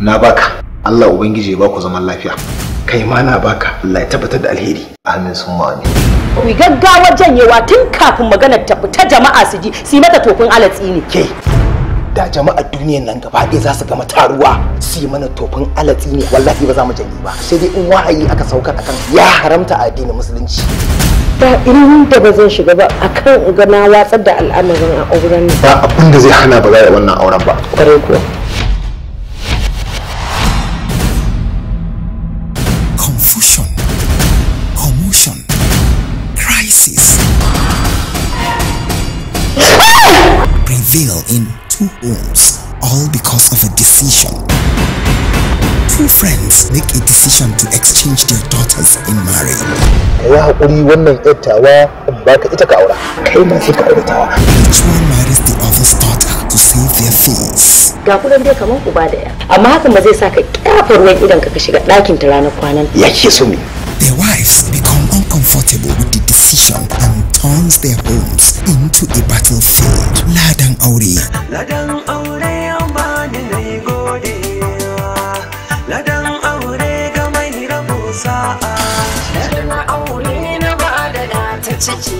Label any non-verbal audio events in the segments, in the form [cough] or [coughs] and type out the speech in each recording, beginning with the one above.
na baka Allah ubangiji ya baku zaman lafiya kai ma na baka Allah ya tabbatar da alheri amin sun amin ku gaggawa janyewa tun kafin maganar ta fita jama'a su ji su mata tofin alatsi ne ke da jama'a duniyar nan gaba ɗaya za su gama taruwa su yi mana tofin alatsi ne wallahi ba za mu janye ba sai dai in wahayi aka saukar akan ya haramta addinin musulunci ba da ba zan shiga ba akan ga na watsar da al'amarin a auren ba abin da zai hana ba za a wannan auren ba kwarai kuwa veil in two homes, all because of a decision. Two friends make a decision to exchange their daughters in marriage. Ya hakuri wannan yattawa ba ka ita kai ka aure tawa. Each one marries the other's daughter to save their face. Ga kudan dai kamar uba da ya, amma hakan ba zai sa ka kyafa ruwan idan ka shiga ɗakin ta ranar kwanan. Ya so me? Their wives become uncomfortable with the decision and turns their homes into a battlefield. Ladan aure. Ladang aure godewa. Ladan aure ga mai sa'a. Ladan aure na ba ta ciki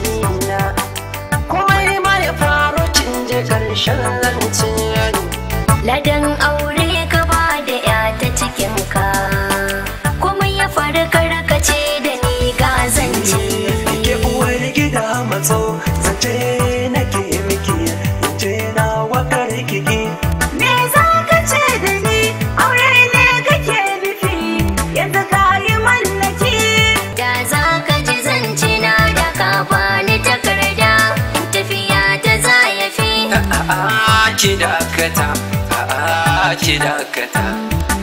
a'a dakata a'a dakata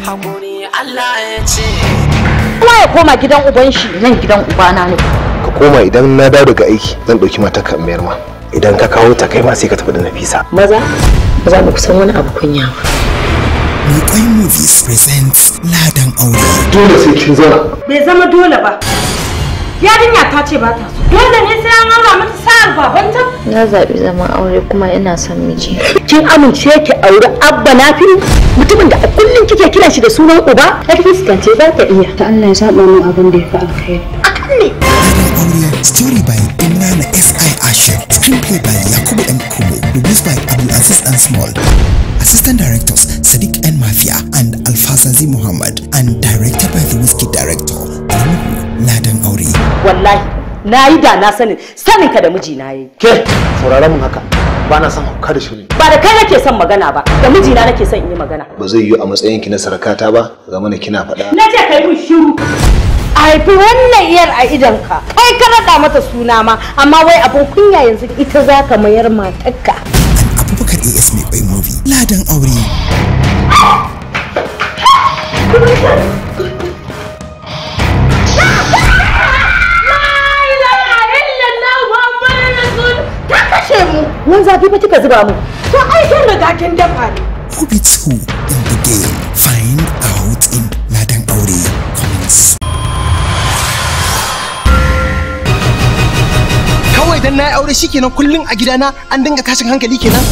hakuri Allah ya ce kuma ya koma gidan uban shi nan gidan ubana ne ka koma idan na dawo daga aiki zan dauki matar ka mayar ma idan ka kawo ta kai ma sai ka tafi da Nafisa maza ba za mu kusan wani abu kunya ba Mukwai Movies presents Ladan Aure. Dole sai kin zauna. Bai zama dole ba. yarinya ta ce ba ta so dole ne sai an aura mata sa'ar babanta na zaɓi zaman aure kuma ina son miji kin amince ki aure abba na nafi mutumin da a kullum kike kiran shi da sunan uba ta fuskance za ta iya ta Allah ya saba min abin da ya fi alkhairi akan ne story by Inna na SI Asher screenplay by Yakubu M Kubo produced by Abdul Aziz and Small assistant directors Sadiq N Mafia and Alfazazi Muhammad and directed by the Whiskey director wallahi na yi da na sanin sanin ka da miji na yi ke saurara mun haka ba na son hauka da shi ne ba da kai nake son magana ba da miji na nake son in yi magana ba zai yi a matsayin ki na sarakata ba zama na kina faɗa na ce kai mun shiru a haifi wannan iyar a ka, kai ka naɗa mata suna ma amma wai abin kunya yanzu ita za ka mayar matarka abubakar as mai bai movie ladan aure kashe mu ruwan zafi ba kika zuba mu to ai kin riga kin dafa ne who beats who in the game find out in ladan aure comments kawai dan na aure shikenan kullun a gidana an dinga tashin hankali kenan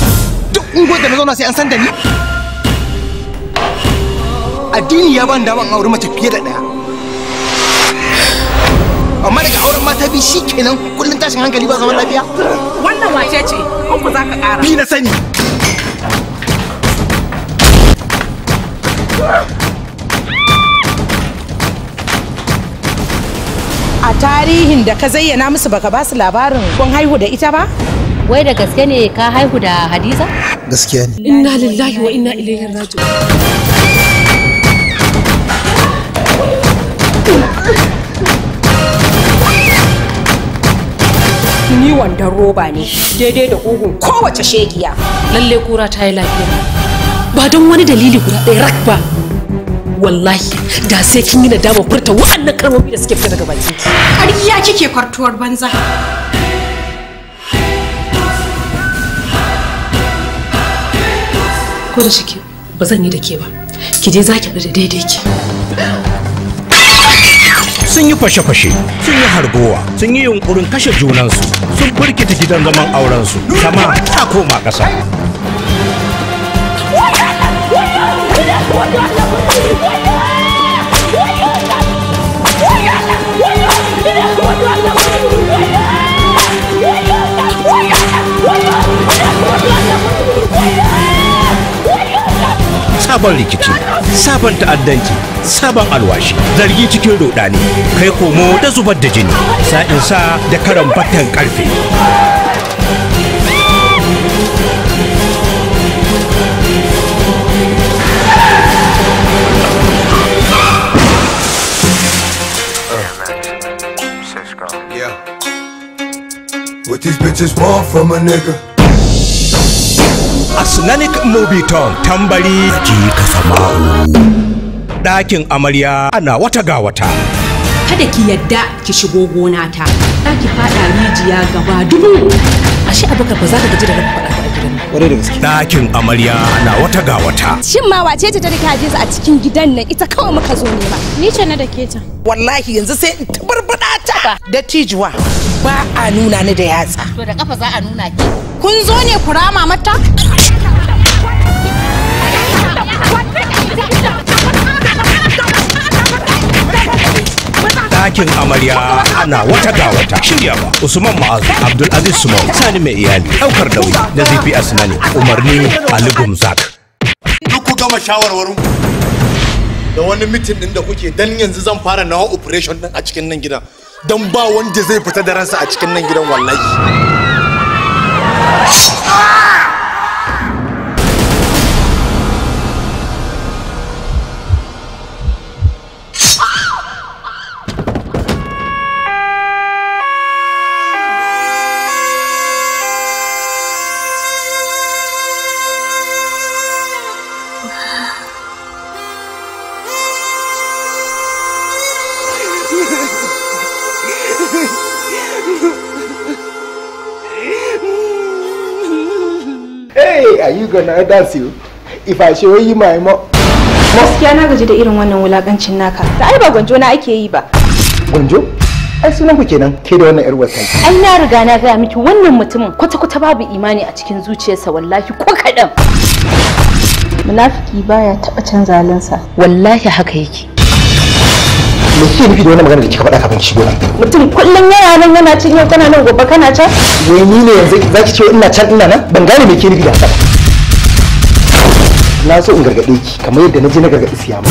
duk ungo da na zauna sai an san da ni addini ya ban daman aure mace fiye da daya amma daga auren mata bi shi kenan kullum tashin hankali ba zaman lafiya wannan wace ce uku za ka ƙara ni na sani a tarihin da ka zayyana musu baka ba su labarin kun haihu da ita ba wai da gaske ne ka haihu da hadiza gaskiya ne inna lillahi wa inna ilaihi raji'un ni wandon roba ne daidai da ƙugun kowace shegiya lalle kura ta yi lafiya ba don wani dalili guda ɗaya rak ba wallahi da sai kin yi nadama furta waɗannan kalmomi da suke fita daga baki ƙarya kike kwartuwar banza ko da ba zan yi da ke ba ki je za ki da daidai ke. sun yi fashe-fashe sun yi hargowa sun yi yunkurin kashe junansu sun birkita gidan zaman aurensu sama ta koma ƙasa sabon rikici sabon ta'addanci sabon alwashi zargi cikin rudani kai komo da zubar da jini sa'in sa da karan batan karfe What these bitches want from a nigga Islamic Movie Town tambari ji ka sama'u. Ɗakin amarya ana wata ga wata. Kada ki yadda ki shigo gona ta. Za ki faɗa rijiya gaba dubu. Ashe abokan ba za ka gaji da rafa faɗa a gidan. Ɗakin amarya ana wata ga wata. Shin ma wace ta ta da Hadiza a cikin gidan nan ita kawai muka zo ne ba. Ni ce na da ke ta. Wallahi yanzu sai in tabarbada ta. Da tijuwa ba a nuna ni da yatsa. To da kafa za a nuna ki. Kun zo ne ku rama mata? ɗakin amarya ana wata ga wata ba usman Ma'az abdul aziz suman sani mai iyali ɗaukar nauyi na zp asinani umarni ali gumzak duk ku gama shawarwarin da wani mitin ɗin da kuke dan yanzu zan fara nawa operation ɗin a cikin nan gidan don ba wanda zai fita da ransa a cikin nan gidan wallahi gonna dance you if I show you my mom. Gaskiya na gaji da irin wannan wulakancin naka. Da ai ba gwanjo na ake yi ba. Gwanjo? Ai sunan ku kenan ke da wannan irwar kai? Ai na riga na gaya miki wannan mutumin kwata-kwata babu imani a cikin zuciyarsa wallahi ko kaɗan. Munafiki baya taɓa canza halinsa. Wallahi haka yake. me ke nufi da wannan magana da kika faɗa kafin shigo nan mutum kullum yana nan yana cin yau kana nan gobe kana can wai ni ne yanzu zaki ce ina can ina nan ban gane me ke nufi da haka na so in gargaɗe ki kamar yadda na je na gargaɗi siyama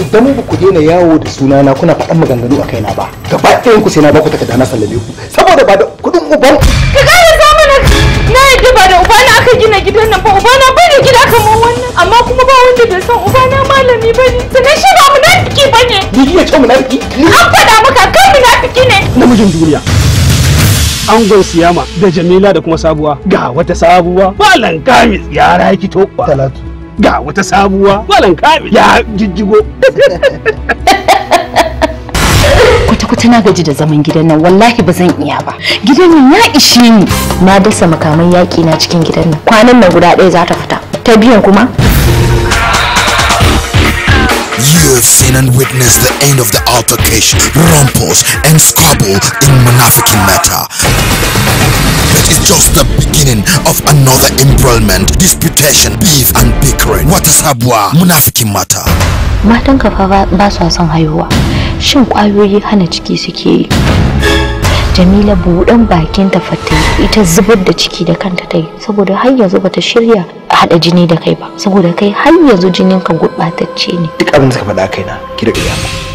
idan ba ku daina yawo da suna na kuna faɗan maganganu a kaina ba gaba ɗayan ku sai na ku takarda na sallame ku saboda ba da kuɗin uban ka ƙara zamanin na yadda ba da ubana aka gina gidan nan ba ubana ba ne gida kamar wannan amma kuma ba wanda bai san na malami ba ne sannan shi ba munafiki ba ne ni iya ce munafiki an faɗa maka kan munafiki ne namijin duniya angon siyama da jamila da kuma sabuwa ga wata sabuwa malan kamis ya rakito talatu ga wata sabuwa malam kabi ya jijjigo kuta-kuta na gaji da zaman gidan nan wallahi ba zan iya ba gidan nan ya ishe ni na dasa makaman yaƙi na cikin gidan nan kwanan nan guda ɗaya za ta fita ta biyan kuma UFC. in and witness the end of the altercation, rumples and squabble in Munafiki Mecca. That is just the beginning of another embroilment, disputation, beef, and bickering. What is Habwa? Munafiki Mata. Matan kafa ba sa son haihuwa. Shin kwayoyi hana ciki suke yi. jamila buɗan bakin ta fata ita zubar da ciki da kanta ta yi saboda har yanzu bata shirya a haɗa jini da kai ba saboda kai har yanzu jinin ka gurɓatacce ne duk abin da ka faɗa kaina ki riga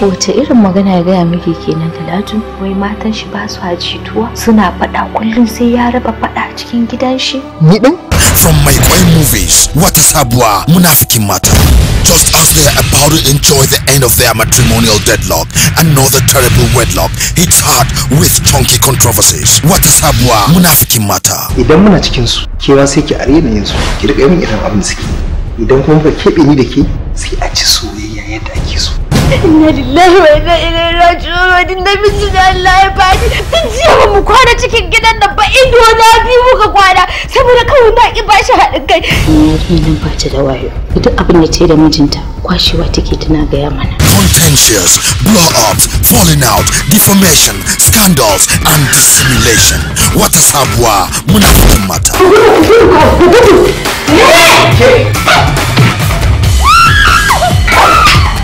ya wace irin magana ya gaya miki kenan talatu wai matan shi ba su tuwa? suna faɗa kullum sai ya raba faɗa cikin gidan shi ni din from my boy movies wata sabuwa munafikin mata Just as they are about to enjoy the end of their matrimonial deadlock, another terrible wedlock hits hard with chunky controversies. Wata sabuwa munafikin mata. Idan muna cikin su, kewa sai ki are yin su, ki rika yin irin abin suke. Idan kuma ka keɓe ni da ke, sai a ci soyayya yadda ake so. Inna lillahi wa inna da mu kwana cikin gidan da ba biyu kwana saboda kawai na bashi haɗin kai da wayo abin da mijinta kwashewa take tana gaya mana contentious blow-ups falling out defamation scandals and dissimulation wata sabuwa muna kumata. [laughs]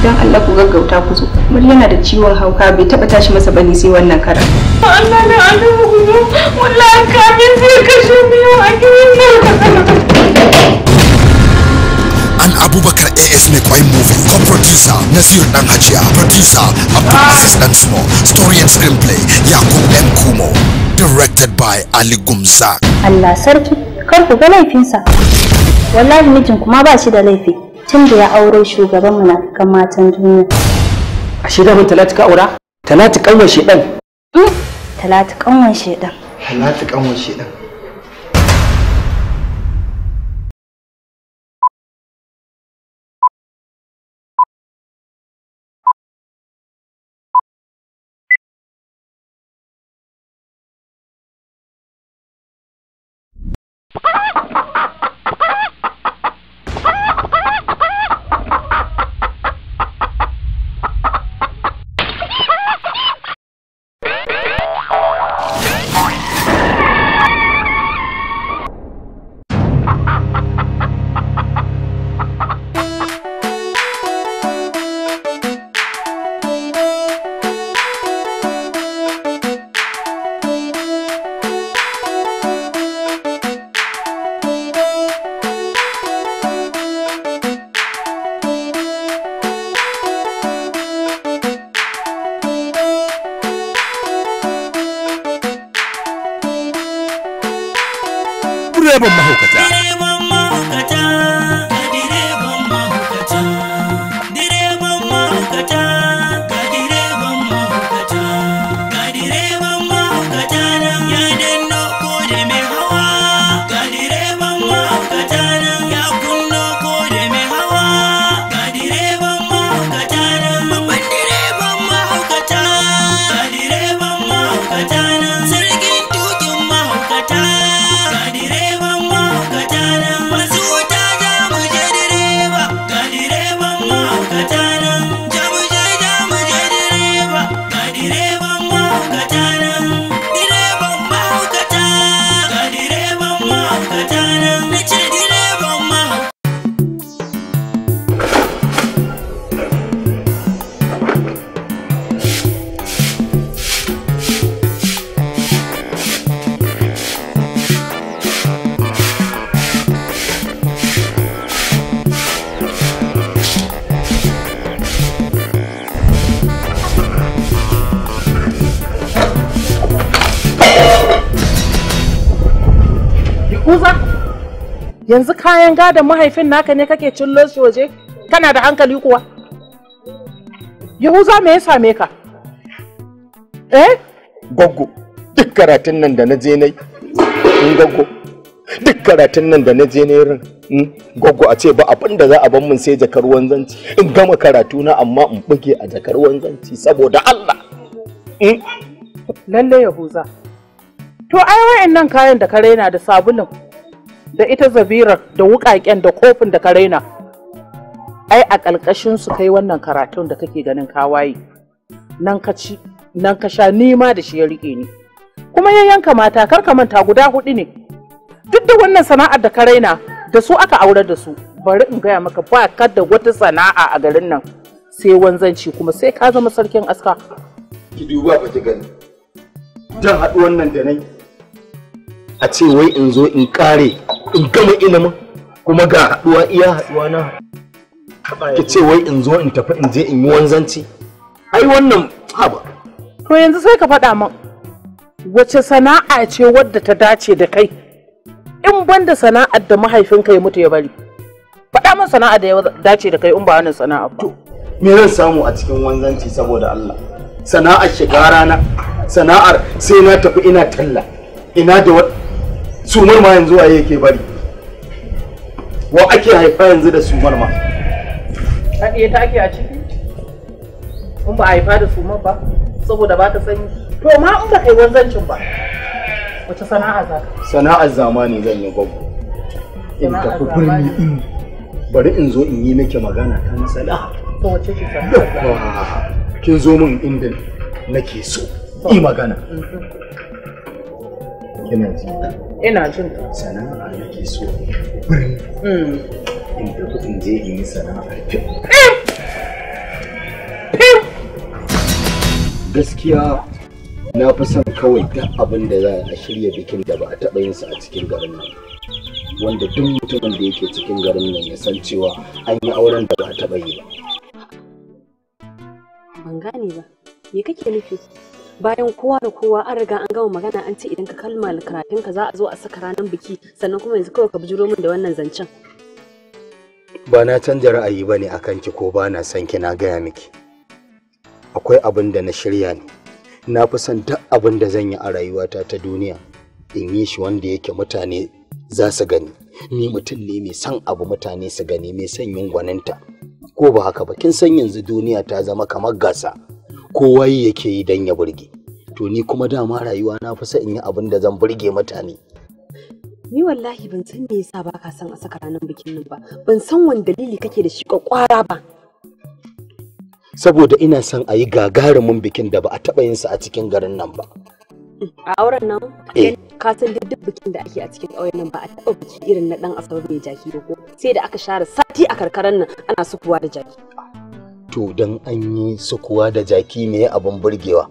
don Allah ku gaggauta ku zo yana da ciwon hauka bai taba tashi masa bane sai wannan karan Allah na Allah ku zo wallahi kamin zai kashe mu yau a gidan nan abubakar as mai kwai movie ko producer nasir dan hajiya producer abdulaziz dan small story and screenplay yakub m kumo directed by ali gumza allah sarki kar ku ga laifinsa wallahi mijin kuma ba shi da laifi tun da ya aure shugaban kan matan duniya ashe da mun talatu ka aura talatu kanwan hmm? shedan talatu kanwan shedan talatu kanwan shedan kayan gadon mahaifin naka ne kake cillo su waje kana da hankali kuwa yahuza me ya same ka eh goggo duk karatun nan da na je nai in hmm, goggo duk karatun nan da na je nai rin hmm, goggo a ce ba abin da za a ban mun sai jakar wanzanci in gama karatu na amma in buge a jakar wanzanci saboda Allah hmm? lalle yahuza to ai nan kayan da ka raina da sabulun da ita zabirar da wukaken da kofin da ka raina ai a ƙalƙashin su kai wannan karatun da kake ganin kawaye nan ka ci nan ka sha nima da shi ya rike ni kuma ya yanka mata kar ka manta guda hudu ne duk da wannan sana'ar da ka raina da su aka aurar da su bari in gaya maka ba ka da wata sana'a a garin nan sai wanzanci kuma sai ka zama sarkin aska ki duba ba ki gani dan haɗu wannan da nai a ce wai in zo in kare in gama ilimi kuma ga haɗuwa iya haɗuwa na ki ce wai in zo in tafi in je in yi wanzanci ai wannan haba to yanzu sai ka faɗa min wace sana'a ce wadda ta dace da kai in banda sana'ar da mahaifinka ya mutu ya bari faɗa min sana'a da ya dace da kai in ba wannan sana'a ba me zan samu a cikin wanzanci saboda Allah sana'ar shiga rana sana'ar sai na tafi ina talla ina da sumar ma yanzu waye yake bari wa ake haifa yanzu da sumar ma haɗiye ta ake a ciki in ba a haifa da sumar ba saboda ba ta sani to ma in ba kai wanzancin ba wace sana'a za ka sana'ar zamani zan yi gwaggo in tafi birni in bari in zo in yi nake magana ta masala to wace ce sana'a kin zo min inda nake so yi magana mm-hmm. kina ji ina jin ka sana'a nake so birni hmm. in tafi in je in yi sana'ar gaskiya na fi son kawai duk abin da za a shirya bikin da ba a taɓa yinsa a cikin garin nan wanda duk mutumin da yake cikin garin nan ya san cewa an yi auren da ba a taɓa yi ba ban gane ba me kake nufi bayan kowa da kowa an riga an gama magana an ce idan ka kalma karatun ka za a zo a saka ranar biki sannan kuma yanzu kawai ka bujuro min da wannan zancen ba na canza ra'ayi bane akan ki ko ba na son ki na gaya miki akwai abin da na shirya ne na fi son duk abin da zan yi a rayuwata ta duniya in yi shi wanda yake mutane za su gani ni mutum ne mai son abu mutane su gani mai son yin gwaninta ko ba haka ba kin san yanzu duniya ta zama kamar gasa kowa yi yake yi don ya burge to ni kuma dama rayuwa na fi in yi abin da zan burge mutane ni wallahi ban san me yasa ba ka san a saka ranar bikin nan ba ban san wani dalili kake da shi kwara ba saboda ina son a yi gagarumin bikin da ba a yin sa a cikin garin nan ba a auren nan eh. ka san duk bikin da ake a cikin ƙauyen nan ba a taɓa biki irin na ɗan asabar mai jaki ko sai da aka share sati a karkarar nan ana sukuwa da jaki to don an yi sukuwa da jaki ne abin burgewa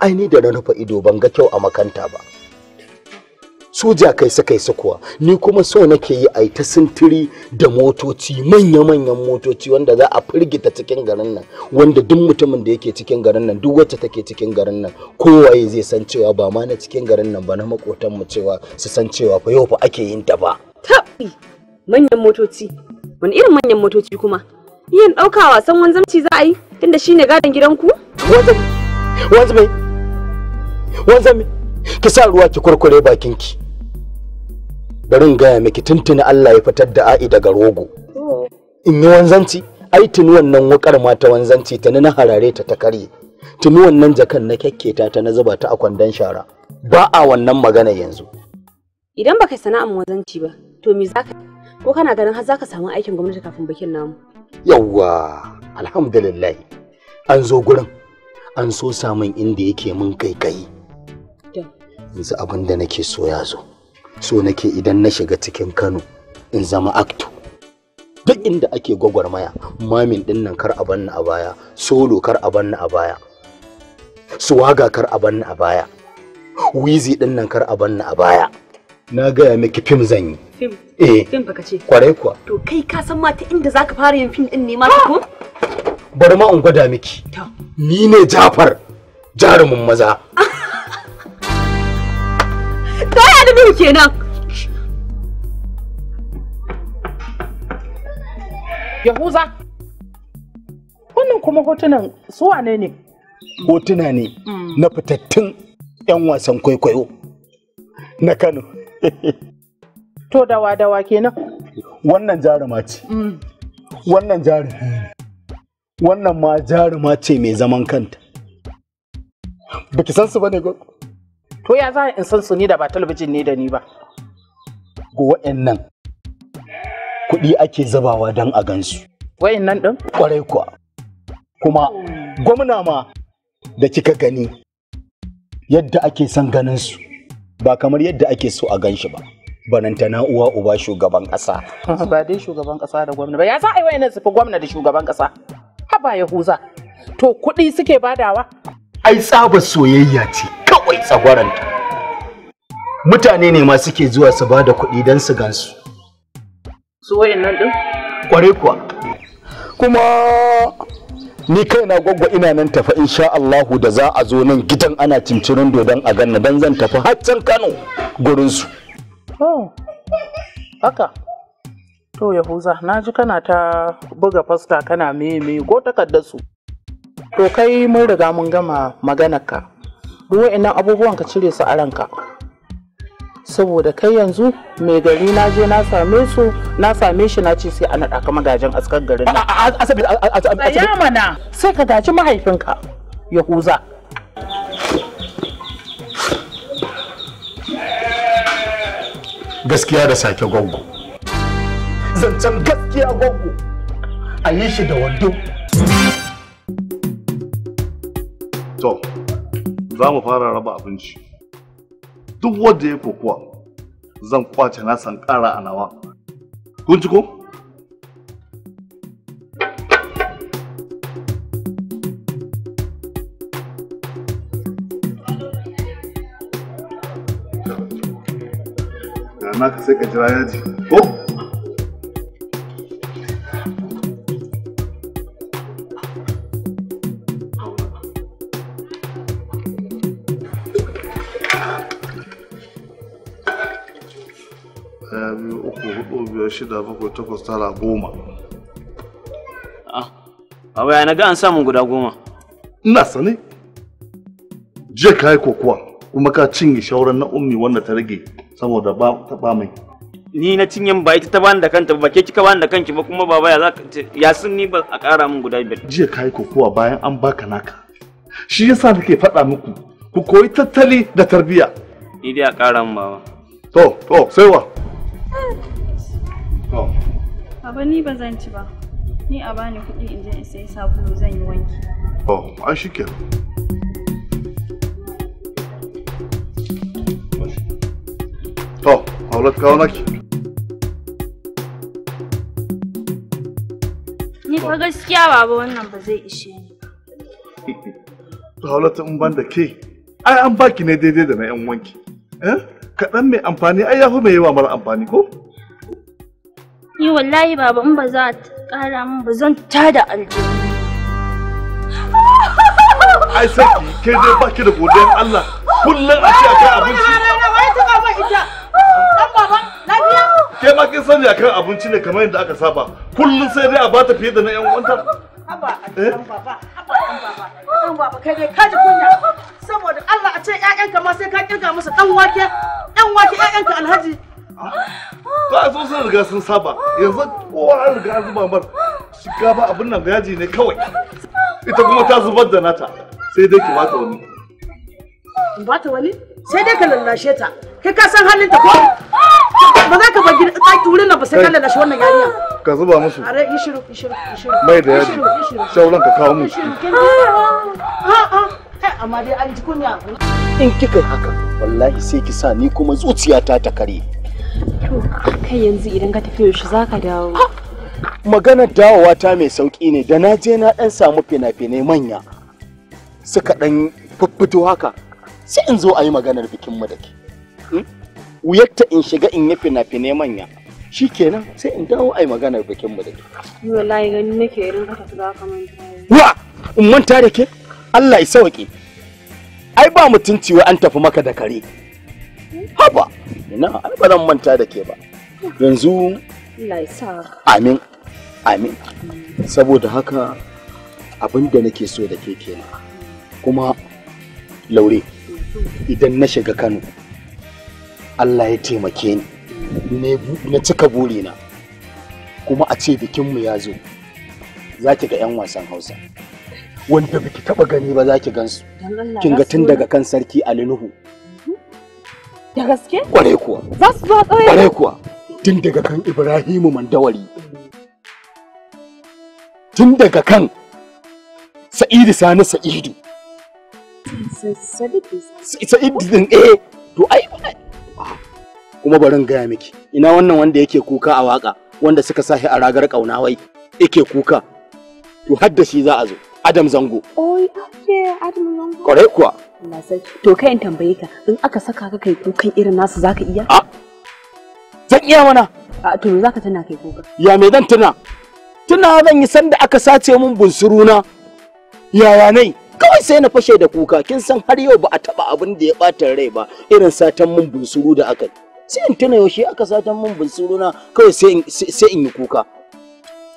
ai ni da na rufe ido ban ga kyau a makanta ba su jakai suka yi sukuwa ni kuma so nake yi a ta sintiri da motoci manya-manyan motoci wanda za a firgita cikin garin nan wanda duk mutumin da yake cikin garin nan duk wacce take cikin garin nan kowaye zai san cewa ba ma na cikin garin nan ba na mu cewa su san cewa fa yau fa ake yin ta ba. Taɓi manyan motoci wani irin manyan motoci kuma. yin ɗauka wasan wanzamci za a yi tunda shi ne gadon gidanku? Wanzami, wanzami, wanzami, ki sa ruwa ki kurkure bakinki. Bari in gaya miki tuntuni Allah ya fitar da a'i daga rogo. In yi wanzanci, ai tuni wannan wakar ma ta wanzanci tuni na harare ta ta karye. Tuni wannan jakan na kyakketa ta na zuba ta a kwandon shara. Ba a wannan magana yanzu. Idan baka sana'ar wanzanci ba, to me zaka ko kana ganin har zaka samu aikin gwamnati kafin bikin namu? yawwa alhamdulillah an zo gurin an so samun inda yake mun kaikayi yanzu abin da nake so ya zo so nake idan na shiga cikin kano in zama aktu duk inda ake gwagwarmaya mamin din nan kar a banna a baya solo kar a banna a baya suwaga kar a banna a baya wizi din nan kar a banna a baya na gaya miki fim zan yi fim eh fim baka ce kwarai kuwa to kai ka san ma ta inda zaka fara yin fim din ne ma ko ah! bari ma in gwada miki ni ne Jafar jarumin maza [laughs] ta ya da biyu kenan Yahuza wannan kuma hotunan su wane ne hotuna ne mm. na fitattun 'yan wasan kwaikwayo na Kano to dawa dawa kenan wannan jaruma ce mm. wannan jarumi wannan ma jaruma ce mai zaman kanta baki san su bane ko to ya za in san su ni da ba talabijin ne da ni ba ko wa'annan kuɗi ake zabawa don a gansu wa'annan din Ƙwarai kuwa kuma gwamna ma da kika gani yadda ake son ganin su ba kamar yadda ake so a gan shi ba bananta na uwa uba shugaban kasa [laughs] ba dai shugaban kasa da gwamna ba ya za a yi wayannan su fi gwamna da shugaban kasa haba huza to kuɗi suke badawa ai tsaba soyayya ce kawai tsagwaranta mutane ne ma suke zuwa su bada kuɗi don su gansu su wayannan din kwarai kuwa kuma ni kai na gwaggwa ina nan tafi insha Allahu da za a zo nan gidan ana cincirin dodon a ganna dan zan tafi har can Kano gurin su oh, haka to Yahuza na ji kana ta buga fasta kana meme ko takardar su to kai mun riga mun gama maganar ka duk wa'annan abubuwan ka cire su a ranka saboda kai yanzu mai gari na je na same su na same shi na ce sai a naɗa ka magajin askar garin nan asabi asabi mana sai ka gaji mahaifinka yahuza gaskiya da sake gwaggo zancen gaskiya gwaggo a yi shi da wando to za mu fara raba abinci duk wanda ya kokowa zan kwace na san ƙara a nawa kun ci ko? ka sai ka jira yaji ko shida bakwai takwas tara goma ah, a waya na ga an samun guda goma ina sane jiya ka yi kokuwa kuma ka cinye shauran na ummi wanda ta rage saboda ba ta ba mai ni na cinye ba ita ta bani da kanta ba ke kika bani da kanki ba kuma baba ya za ya sun ni ba a ƙara min guda biyar jiya ka yi kokuwa bayan an baka naka shi yasa nake faɗa muku ku koyi tattali da tarbiyya ni dai a ƙara min baba to to sai wa Oh. Baba ni ba zan ci ba. Ni a bani kuɗi in je in sayi sabulu zan yi wanki. Oh, ai shikenan. To, Haulat kawo naki. Ni fa gaskiya baba wannan ba zai ishe ni. To, Haulat [laughs] in ban da ke, ai an baki ne daidai da na 'yan wanki. Eh? Kaɗan mai amfani ai ya yafi mai yawa mara amfani ko? Ni wallahi baba in ba za a ƙara min ba zan tada aljihu. Ai sarki kai dai baki da godiyar Allah kullum a ce a akan abinci. baba, Ke ma kin sani a kan abinci ne kamar yadda aka saba kullum sai dai a bata fiye da na 'yan uwanta. haba ɗan baba haba ɗan baba ɗan baba kai dai ka ji kunya saboda Allah a ce 'ya'yanka ma sai ka kirga musu ɗan wake ɗan wake ƴaƴanka alhaji ba so sun riga sun saba yanzu kowa an riga an zuba mar ba abin nan yaji ne kawai ita kuma ta zubar da nata sai dai ki bata wani bata wani sai dai ka lallashe ta kai ka san halinta ko ba za ka bagi tsaki wurin nan ba sai ka lallashe wannan yariya. ka zuba musu are yi shiru yi shiru yi shiru mai da yaji shauran ka kawo musu ah, ah, ah. amma dai an ji kunya in kika haka wallahi sai ki sa ni kuma zuciyata ta kare kai yanzu idan ka tafi yaushe za ka dawo. Maganar dawowa ta mai sauƙi ne da na je na ɗan samu fina-finai manya suka ɗan fiffito haka sai in zo a yi maganar bikin mu da ke. Hmm? Wuyarta in shiga in yi fina-finai manya shi kenan sai in dawo a yi maganar bikin mu da ke. wallahi gani nake irin ka tafi za ka manta. Wa! In manta da ke? Allah ya sauke Ai ba mutunci wai an tafi maka da kare. Hmm? Haba! Ina an ba zan manta da ke ba yanzu amin amin saboda haka abin da nake so da ke kenan kuma laure idan na shiga kano allah ya taimake ni na cika burina kuma a ce bikinmu ya zo za ki ga 'yan wasan hausa wanda biki taba gani ba za ki gansu kin ga tun daga kan sarki Ali Nuhu? Da gaske? Kwarai kuwa. Za su zuwa ƙauye? Kwarai kuwa. Tun daga kan Ibrahimu Mandawari. Tun daga kan Sa'idu Sani Sa'idu. Sa'idu din eh to ai kuma barin gaya miki ina wannan wanda yake kuka a waka wanda suka sahi a ragar kauna wai yake kuka to har da shi za a zo. Adam Zango. Oi, ake Adam Zango. Kwarai kuwa. Na san. To kai in tambaye ka in aka saka ka kai kukan irin nasu zaka iya? A. Zan iya mana. A to me zaka tana kai kuka? Ya me dan tuna? Tuna zan yi sanda aka sace mun bunsuruna. Yaya nai? Kawai sai na fashe da kuka kin san har yau ba a taba abin da ya bata rai ba irin satan mun bunsuru da aka Sai in tuna yaushe aka satan mun na kawai sai in yi kuka.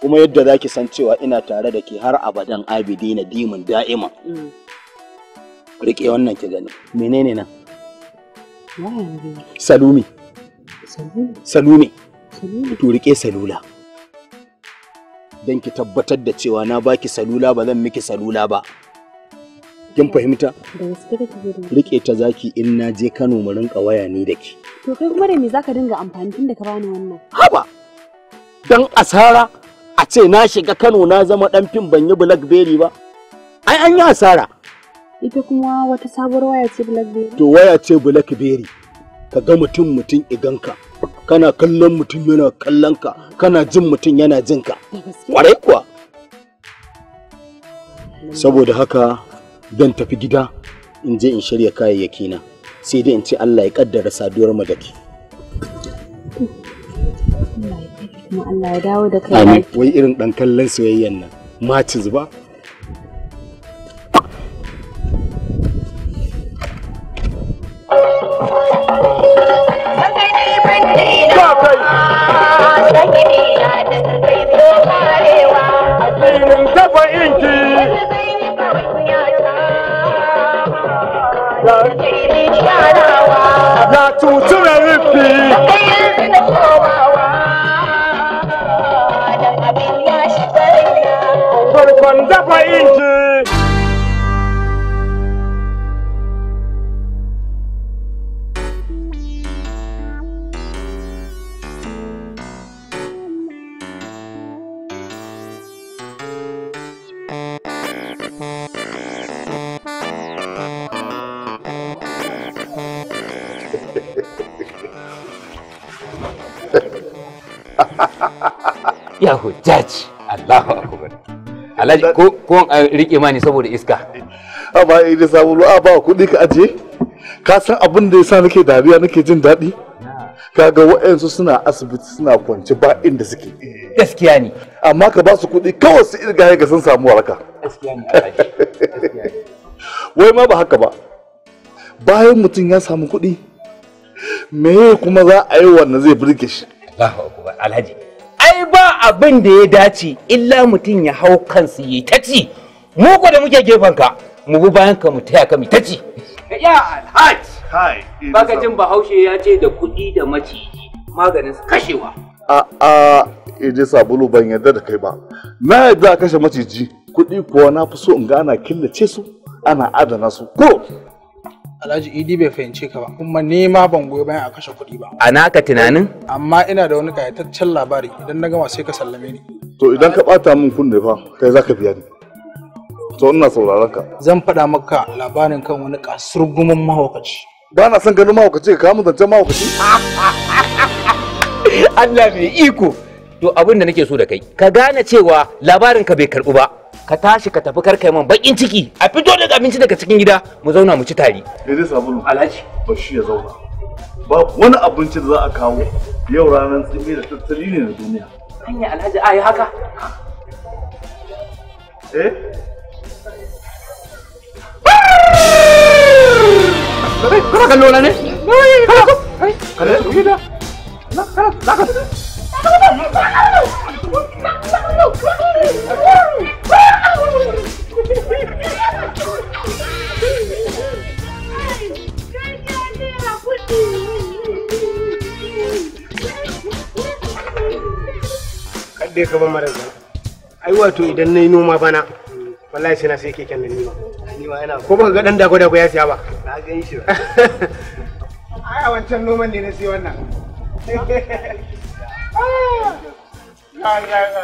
kuma yadda za ki san cewa ina tare da ke har abadan abidi na dimin da'ima mm. riƙe wannan ki gani menene nan salumi salumi to riƙe salula don ki tabbatar da cewa na baki salula ba zan miki salula ba kin fahimta rike ta zaki in na je Kano mu rinka waya ni da ki to kai kuma da me zaka dinga amfani tun da ka bani wannan haba dan asara a ce na shiga Kano na zama dan fim ban yi Blackberry ba ai an yi asara ita kuma wata sabuwar waya ce Blackberry to waya ce Blackberry ka ga mutum mutum iganka kana kallon mutum yana kallon ka kana jin mutum yana jin ka kwarai kuwa saboda haka zan tafi gida in je in shirya kayayyaki na sai dai in ce Allah ya kaddara saduwar mu da Allah ya dawo da kai wai irin dan kallon soyayyan nan ci zuba jaji Allahu akbar Alhaji ko ko eh, rike mani saboda iska amma idan samu a ba kuɗi ka aje ka san abin da yasa nake dariya nake jin daɗi kaga waɗansu suna asibiti suna kwance ba inda suke gaskiya ne amma ka ba su kuɗi kawai su irga ga sun samu waraka gaskiya ne [laughs] wai ma ba haka ba bayan mutum ya samu kuɗi me kuma za a yi wannan zai burge shi ai ba abin da ya dace illa mutum ya hau kansa ya ta ci mu ko da muke gefen ka mu bi bayan ka mu taya ka mu ta ci ya alhaji kai baka jin bahaushe ya ce da kuɗi da maciji maganin kashewa a a idi sabulu ban yadda da kai ba na yarda kashe maciji kuɗi kuwa na fi so in gana killace su ana adana su ko Alhaji Idi bai fahimce ka ba kuma ni ma ban goyi bayan a kashe kuɗi ba. A naka tunanin? Amma ina da wani kayataccen labari idan na gama sai ka sallame ni. To idan ka ɓata min kunne fa kai za ka biya ni. To ina sauraron ka. Zan faɗa maka labarin kan wani kasurgumin mahaukaci. Ba na son ganin mahaukaci ka kawo zancen mahaukaci. [laughs] Allah mai iko. To abin da nake so da kai ka gane cewa labarin ka bai karɓu ba. ka tashi ka tafi kar kai man bakin ciki a fito daga abinci daga cikin gida mu zauna mu ci tare Idris Abdul Alhaji shi ya zauna ba wani abinci da za a kawo yau ranar tsimi da tattali ne na duniya yi Alhaji ai haka Eh Kana kallo na ne? Kana kallo na ne? Look! dai ka ban mara zan ai wato idan nayi noma bana wallahi sai na sai keken da ko baka ga dan dago dago ya siya ba [laughs] a wancan noman ne na sai wannan la la la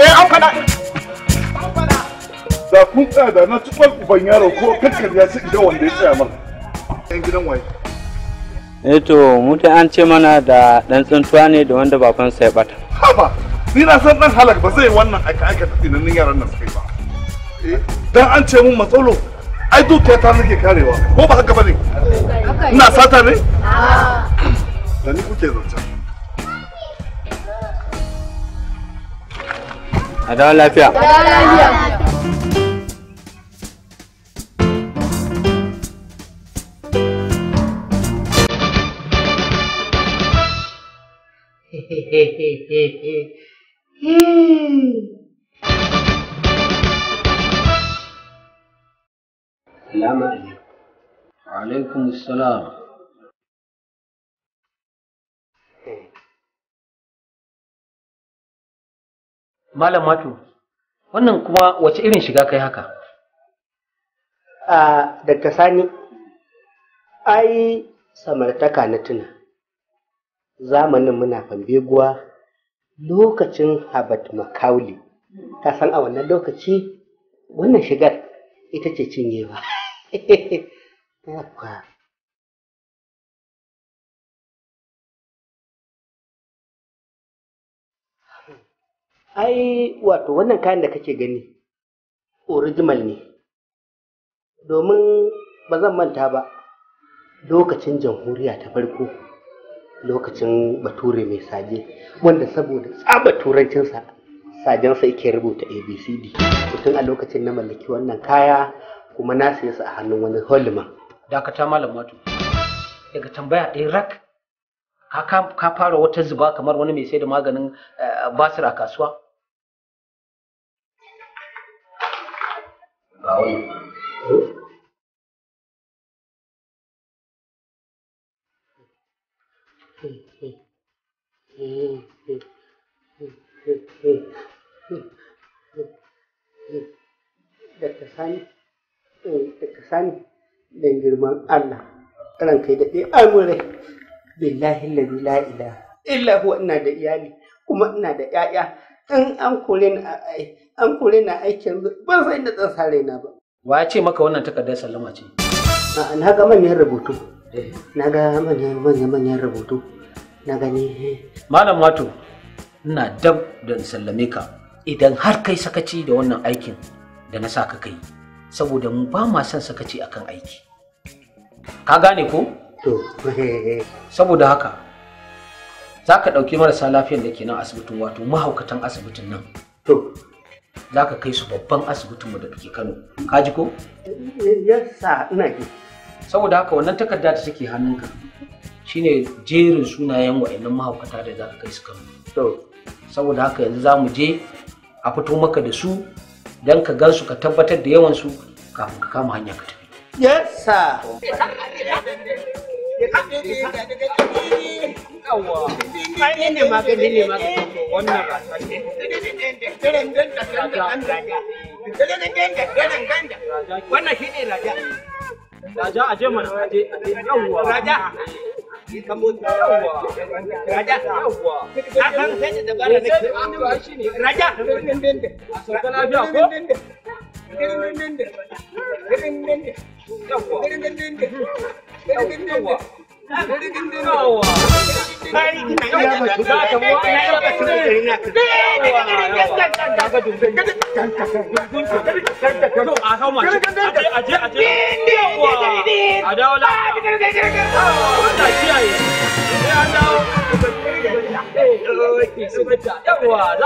eh an faɗa da kun tsaya da na cikin uban yaro ko kakkar ya ci da wanda ya tsaya mana yan gidan waye eh to an ce mana da dan tsuntuwa ne da wanda baban sa ya bata haba ni na san dan halak ba zai wannan aka aka tsinanin yaran nan sai ba eh, dan an ce mun matsalo ai dukiya ta nake karewa ko ba haka bane ina sata ne da ni kuke zancen a dawo lafiya Salamu alaikum. Wa alaikum salam. malam matu wannan kuma wace irin shiga kai haka a ta sani ai samartaka na tuna zamanin muna fambeguwa lokacin habat makauli ta san a wannan lokaci wannan shigar ita ce cinyewa [laughs] ai wato wannan kayan da kake gani original ne domin ba zan manta ba lokacin jamhuriya ta farko lokacin bature mai saje wanda saboda tsaba turancinsa sajensa yake rubuta abcd mutum a lokacin na mallaki wannan kaya kuma na siye su a hannun wani holman dakata malam wato daga tambaya ɗaya rak ka fara wata zuba kamar wani mai sai da maganin eh, basir a kasuwa How are you? Good. Dakta Sani, Dakta Sani, don girman Allah, ranka yi daɗe amurai, billahi lalli la'ila, illa huwa ina da iyali, kuma ina da ‘ya'ya, in an kore ni a eh, an kore na aikin ban san inda zan sare na ba wa ya ce maka wannan takardar sallama ce na ga manyan rubutu eh. na ga manyan manyan manyan rubutu na gani eh. malam wato ina dab da sallame ka idan har kai sakaci da wannan aikin da na sa ka kai saboda mu ba ma son sakaci akan aiki ka gane ko to eh. saboda haka za ka ɗauki marasa lafiyar da ke nan asibitin wato mahaukatan asibitin nan to za ka kai su babban asibitinmu da ke Kano. Ka ji ko? Yasa ina ji. Saboda haka wannan takarda da take hannunka shine jerin sunayen wa'annan mahaukata da za ka kai su Kano. Saboda haka yanzu za mu je a fito maka da su don ka gan su ka tabbatar da yawan su kafin ka kama hanya ka tafi. Yasa. yawwa ai ne ne magani ne magani to wannan ba ta ce wannan shi ne raja raja a je mana a je yawwa raja Raja, yawwa. A kan sai da dabara na ke. Raja. Sauka lafiya ko? Yawwa. Yawwa. Yawwa. yawwa za a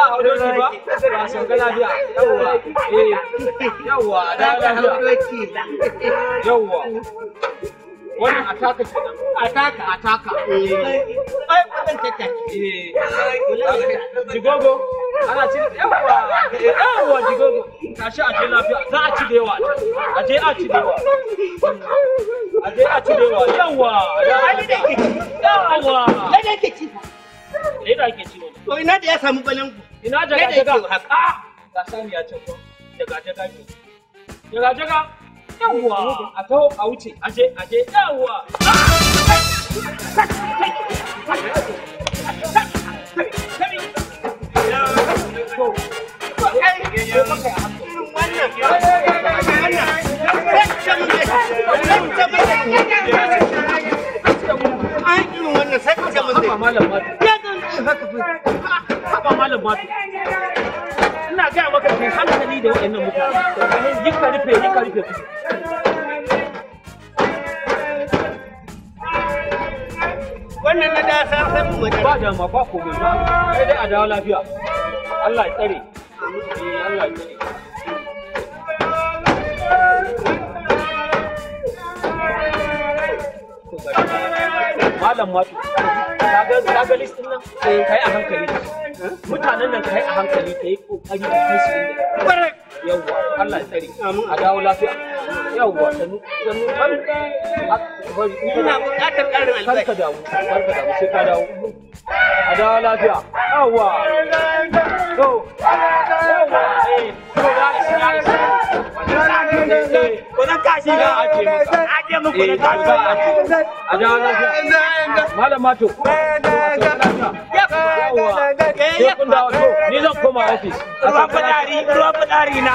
hau doki ba ba sauka lafiya yawwa eh yawwa da lafiya yawwa wannan ataka kenan ataka ataka ai wannan taka eh, jigogo ana cin yawa yawa jigogo tashi a cikin lafiya za a ci da yawa a je a ci da yawa a je a ci da yawa yawa yawa lalle ke ci lalle ke ci to ina da ya samu balangu ina jaga jaga a ga sani ya ce ko jaga jaga jaga jaga Yawwa, a taho a wuce, aje, aje, yawwa. malam mata. malam mata. ina gaya maka kai hankali da waɗannan mutane yi ka rufe yi ka rufe wannan na da san san mu ba da ma ba komai sai dai a dawo lafiya Allah ya tsare eh, Allah ya tsare Thank you. malam ma ka ga listin nan eh, kai a hankali mutanen nan kai a hankali kai kokari ka kai su Allah ya tsare a dawo lafiya yawwa sanu sanu bari ina bukatar karin dawo barka dawo sai ka dawo a dawo lafiya yawwa to eh, to da shi ya ko na eh, kashi ga muku muku na kashi a dawo Malam Mato. Ni zan koma ofis. Ruwan fadari, ruwan fadari na.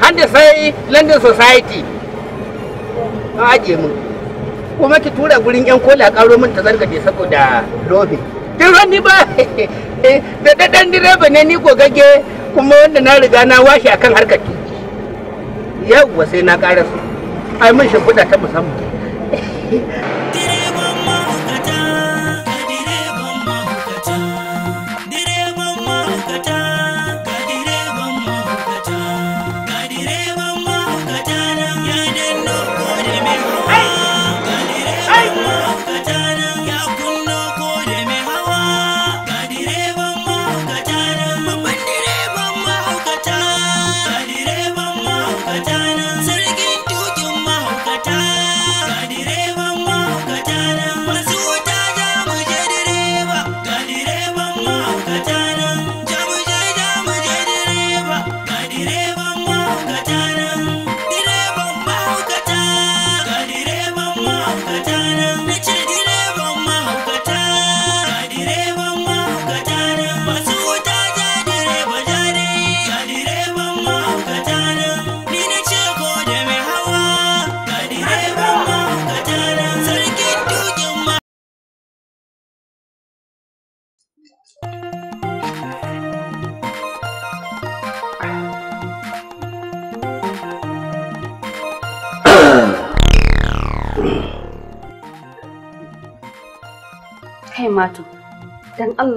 hande sai london society an ajiye mun kuma ki tura gurin yan kola karo min ta zargaje saboda lobe duk wani ba [laughs] da dadan direba ne ni gogage kuma wanda na riga na washe akan harkar tuki yawwa sai na ƙara su ai mun shimfiɗa ta musamman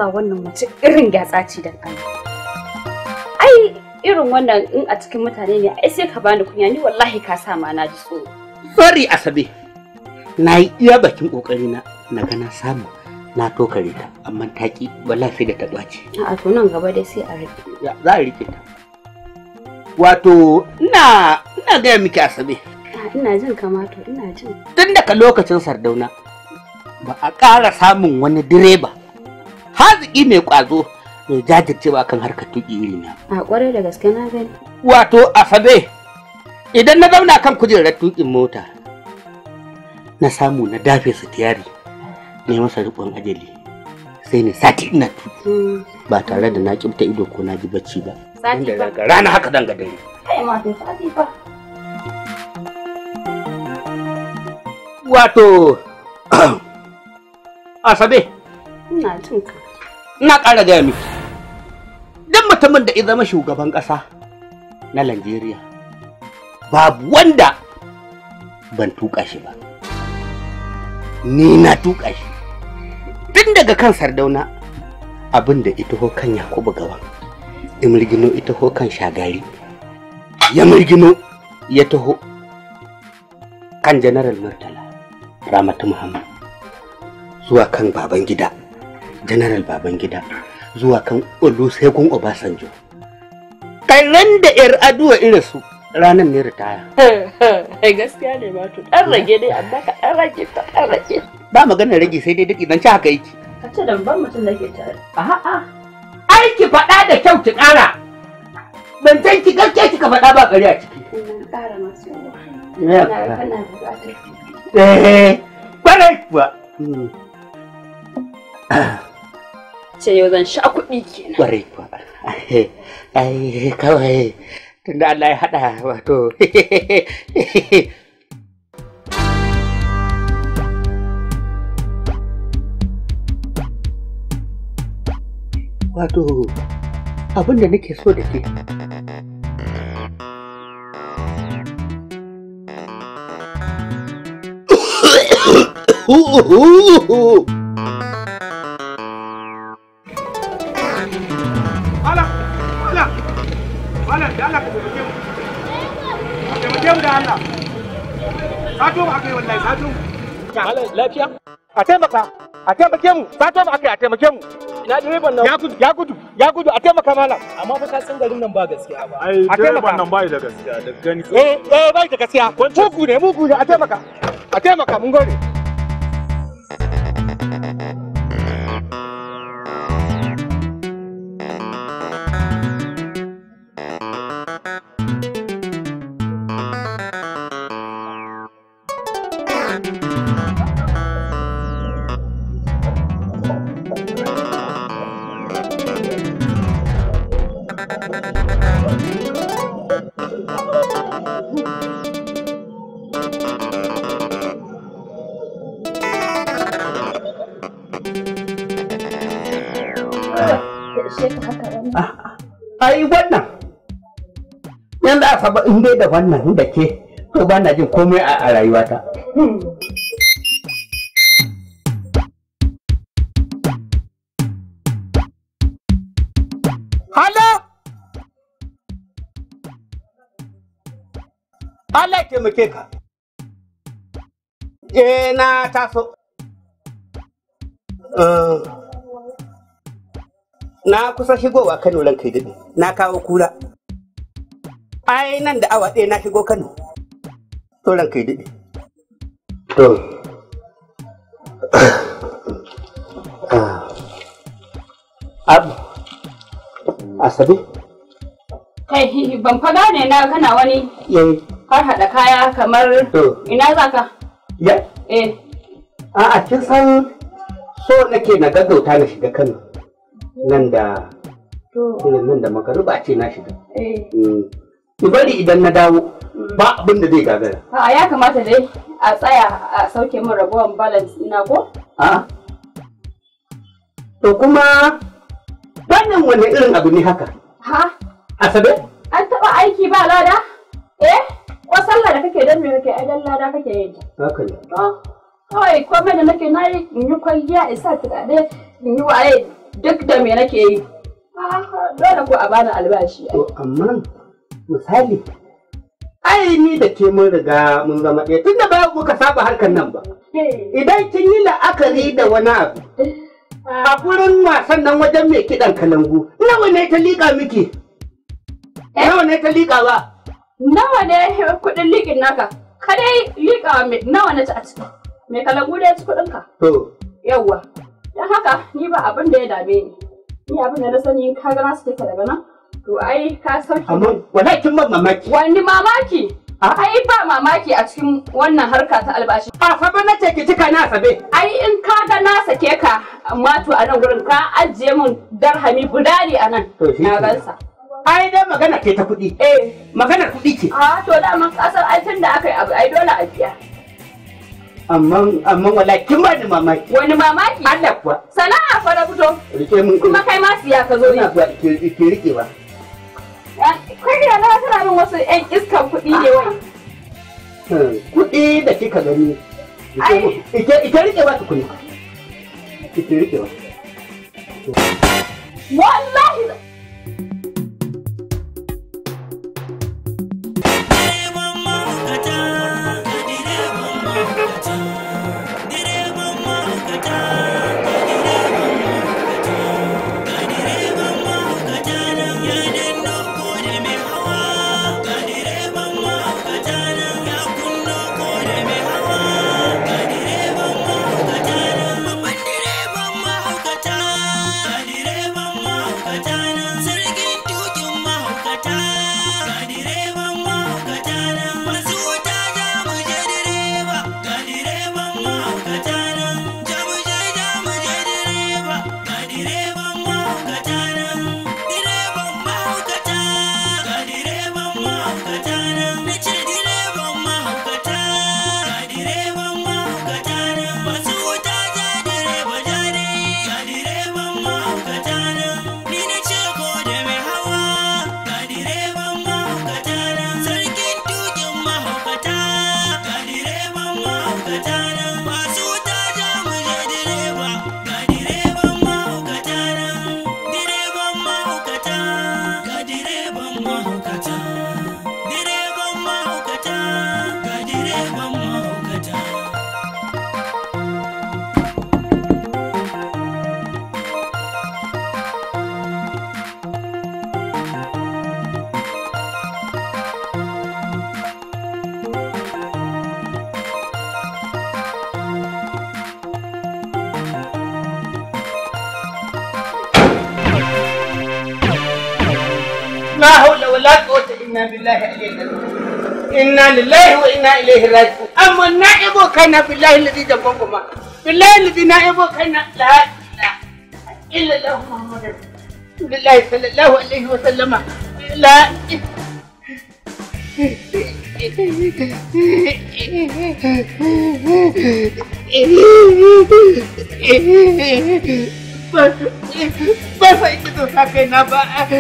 Allah wannan mace irin gyatsa ce dan Allah. Ai irin wannan in a cikin mutane ne ai sai ka bani kunya ni wallahi ka sa ma na ji tsoro. Sorry Asabe. Na yi iya bakin kokari na na gana samu na tokare ta amma ta ki wallahi sai da ta dace. A'a to nan gaba dai sai a rike. Ya za a rike ta. Wato ina ina ga miki Asabe. Ina jin kamato ina jin. Tun daga lokacin Sardauna ba a ƙara samun wani direba haziki mai kwazo mai jajircewa kan harkar tuki na. a kwarai da gaske na gani wato asabe idan na zauna kan kujerar tukin mota na samu na dafe su tiyari ne masa rikon ajali sai ne sati ina tuki hmm. ba tare da na kimta ido ko na ji bacci ba sati ba rana haka danga dare kai ma sati ba wato [coughs] asabe ina jin ina ƙara gaya miki duk mutumin da ya zama shugaban ƙasa na Najeriya babu wanda ban tuƙa shi ba ni na tuƙa shi tun daga kan sardauna abin da ita kan yakubu gaba, ya mirgino ita kan shagari ya mirgino ya taho kan janaral murtala ramatu muhammad zuwa kan baban gida general babangida zuwa kan olusegun obasanjo nan da yar aduwa irin su ranar ne ritaya [laughs] eh, gaskiya ne ma to dan rage ne amma ka dan rage ta dan rage ba magana rage sai dai daki dan ci haka yake ka ce da ban mutum nake tare a'a aiki faɗa da kyau ki ƙara ban san ki gaskiya kika faɗa ba ƙari a ciki ƙara masu yawa kana buƙatar eh kwarai kuwa hmm. [coughs] [coughs] ah. sai yau zan sha kuɗi kenan ƙwarai kuwa ai kawai tunda Allah ya haɗa wato wato abin da nake so da ke Ooh, ooh, ooh. da Allah da a ya gudu ya gudu a taimaka malam amma fa ka garin nan ba gaskiya ba nan da gaskiya da gani eh eh bai da gaskiya mugu ne mugu ne a taimaka a taimaka mun gode dai da wannan da ke to ba na jin komai a rayuwata Hala! ke muke ka. Eh na taso. Eh, na kusa shigowa Kano kai daɗe, na kawo kura. ai nan da awa ɗaya na shigo Kano. To ranka yi dade. To. Ah. Abu. Asabe. Kai ban faga ne na kana wani. Yayi. Eh. Har haɗa kaya kamar ina za ka? Ya? Eh. A'a kin san so nake na gaggauta na shiga Kano. Nan da nan da makaru ba ce na shiga. Eh. Mm. ki bari idan na dawo mm. ba abin da zai gagara. A ya kamata dai a tsaya a sauke min ragowar balance ina ko? A. To kuma wannan wani irin abu ne haka? Ha? Asabe? An taɓa aiki ba lada? Eh? Ko sallah da kake dan me kake ai dan lada kake yi? Haka ne. Kawai komai da nake na yi in yi kwalliya isa dai in yi waye duk da me nake yi. Ah, dole ko a bani albashi. To amma misali ai ni da ke mun riga mun zama ɗaya tunda ba ka saba harkar nan ba idan kin yi la'akari da wani abu a gurin wasan nan wajen mai kiɗan kalangu nawa ne ta liƙa miki eh? nawa ne ta liƙa ba nawa ne kuɗin liƙin naka Ka kadai liƙa nawa na ta a ciki mai kalangu da ya ci kuɗinka yawwa don haka ni ba abin da ya dame ni ni abin da na sani ka gana su take daga nan To ai ka sauke. Amma wallahi ban mamaki. Wani mamaki? Ai ba mamaki a cikin wannan harka ta albashi. A sabe na ce ki cika na sabe. Ai in ka ga na sake ka mato a nan gurin ka ajiye min darhami guda a nan. Na gansa. Ai dai magana ke ta kuɗi. Eh. Maganar kuɗi ke. A ah, to dama kasar ai tun da aka yi abu ai dole a biya. amma amma wala kin ba ni mamaki wani mamaki Allah kuwa sana'a fara fito rike mun kuma kai ma siya ka zo ne ki rike ba Kai da na tana min wasu 'yan iskan kuɗi ne wai. Kuɗi da kika gani. Ike rike ba tukuni. Ike rike ba. Wallahi inna ilaihi raji'un amma na ibo kaina billahi alladhi dabban billahi alladhi na ibo kaina la illa allah muhammadin billahi sallallahu alaihi wa sallama la ba ita ba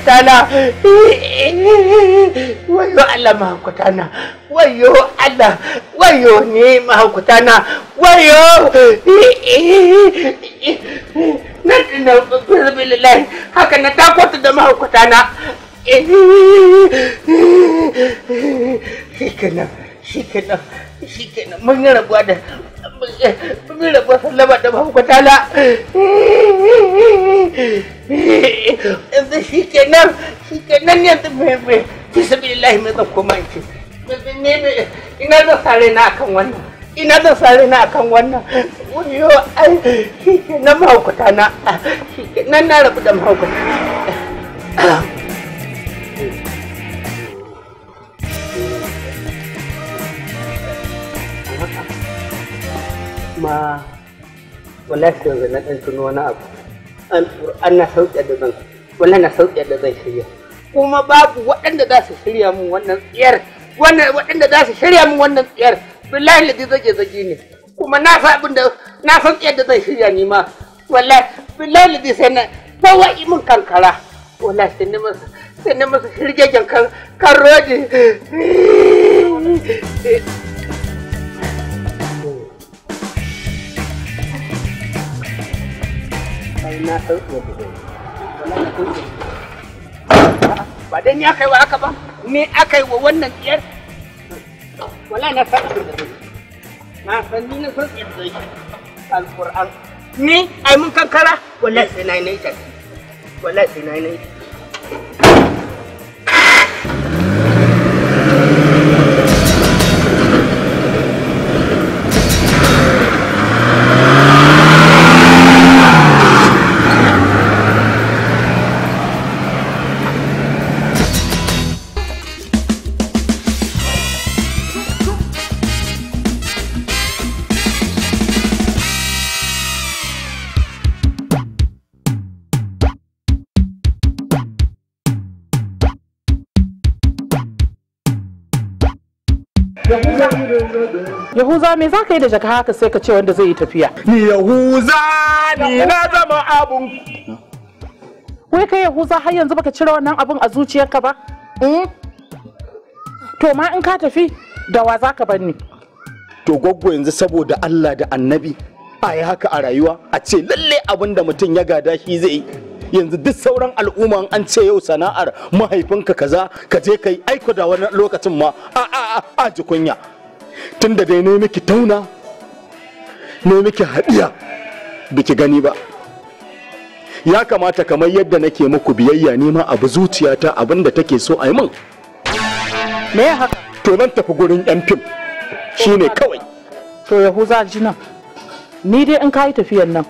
kwatana wayo Allah mahaukata na wayo Allah wayo ne mahaukata na wayo na na billahi haka na takwata da mahaukata na shikenan shikenan shi kenan mun yi rabuwa da mun yi rabuwa sallama da mahaukatala yanzu shi kenan shi kenan yanzu mai mai fi sabi lillahi mai zan koma in ce ina zan sare na akan wannan ina zan sare na akan wannan wuyo ai shi kenan mahaukata na shi kenan na rabu da mahaukata kuma wallahi yanzu na ɗan tuno wani abu an na sauƙi da zan wallahi na sauƙi da zan shirya kuma babu waɗanda za su shirya min wannan tsiyar waɗanda za su shirya min wannan tsiyar billahi ladi zage zage ne kuma na sa abin da na san tsiyar da zan shirya ni ma wallahi billahi ladi sai na wa imin kankara wallahi sai na masa sai na masa shirgegen kan kan rodi na san uwa ku ba dai ni aka yi wa aka ba ni aka yi wa wannan tsiyar wala na san abin da zai na san ni na san tsiyar zai alƙur'an ni ai mun kankara wallahi sai na yi na ita wallahi sai na yi na ita yahuza me za ka yi da jaka haka sai ka ce wanda zai yi tafiya ni yahuza ni na zama abun wai ka yahuza har yanzu baka cire wannan abun a zuciyarka ba hmm? to ma in ka tafi da wa za ka bar ni to goggo yanzu saboda Allah da annabi a yi haka a rayuwa a ce lalle abin da mutum ya gada shi zai yi yanzu duk sauran al'umma an ce yau sana'ar mahaifinka kaza ka je ka yi aiko da wani lokacin ma a a a ji kunya tun da dai ne miki tauna ne miki haɗiya biki gani ba ya kamata kamar yadda nake muku biyayya nema abu zuciyata abin da take so a yi min me ya haka to nan tafi gurin yan fim shine kawai to ni dai in kayi tafiyan nan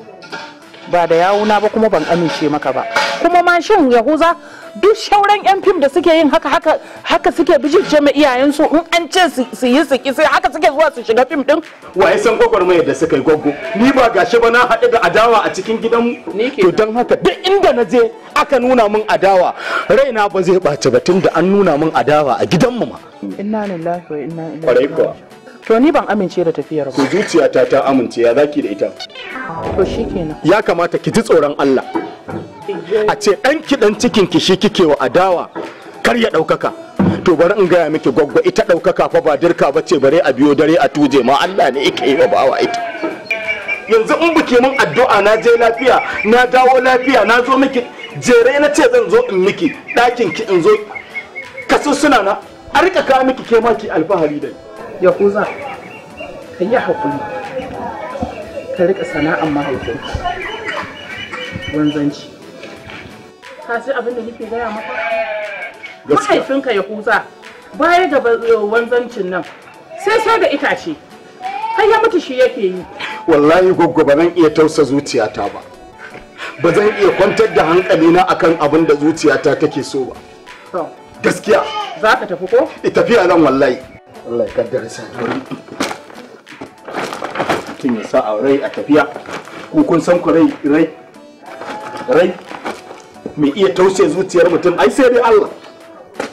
ba da yawuna ba kuma ban amince maka ba kuma mashin yahuza duk shauran yan fim da suke yin haka haka haka suke bijirce ma iyayensu in an ce su yi siki sai haka suke zuwa su shiga fim din wai san gwagwarmayar da suka yi gwaggo ni ba gashi ba na haɗu da adawa a cikin gidan to don haka duk inda na je aka nuna min adawa raina ba zai ɓaci ba tun da an nuna min adawa a gidanmu ma inna lillahi wa inna ilaihi to ni ban amince da tafiyar ba zuciya zuciyata ta amince ya zaki da ita to shikenan ya kamata ki ji tsoron Allah a ce ɗan kiɗan cikin ki shi kike wa adawa kar ya ɗaukaka to bari in gaya miki gwaggwa ita ɗaukaka fa ba dirka ba ce bare a biyo dare a tuje ma Allah ne yake yi wa bawa ita yanzu in buke min addu'a na je lafiya na dawo lafiya na zo miki jere na ce zan zo in miki ɗakin ki in zo kasu suna na a rika kawo miki ke maki alfahari da ya kuza ka yi haƙuri ka rika sana'an mahaifinka wanzanci ka ji abin da nake gaya maka mahaifinka ya huza baya ga eh, wanzancin nan sai sai da itace har ya mutu shi yake yi wallahi goggo ba zan iya tausa zuciyata ba ba zan iya kwantar da hankalina akan abin da zuciyata take so ba gaskiya za ka tafi ko tafiya nan wallahi Allah ya kaddara sa mutum ya sa a rai a tafiya ko kun san ku rai rai rai mai iya taushe zuciyar mutum ai sai dai Allah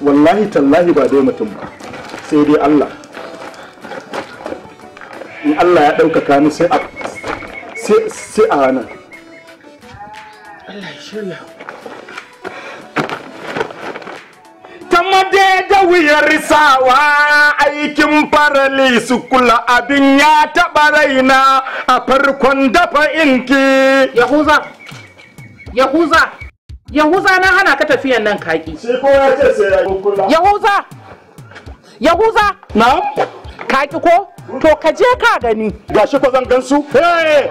wallahi tallahi ba dai mutum ba sai dai Allah in Allah ya ɗaukaka ni sai a sai a ranar Allah shirya tamade da wuyar sawa aikin farali su kula abin ya taɓa raina a farkon dafa inki yahuza yahuza Yahuza na hana ka tafiyan nan kaki. Shi ko ya ce sai ya kula. Yahuza. Yahuza. Na? Kaki ko? To ka je ka gani. Gashi ko zan gansu? Eh!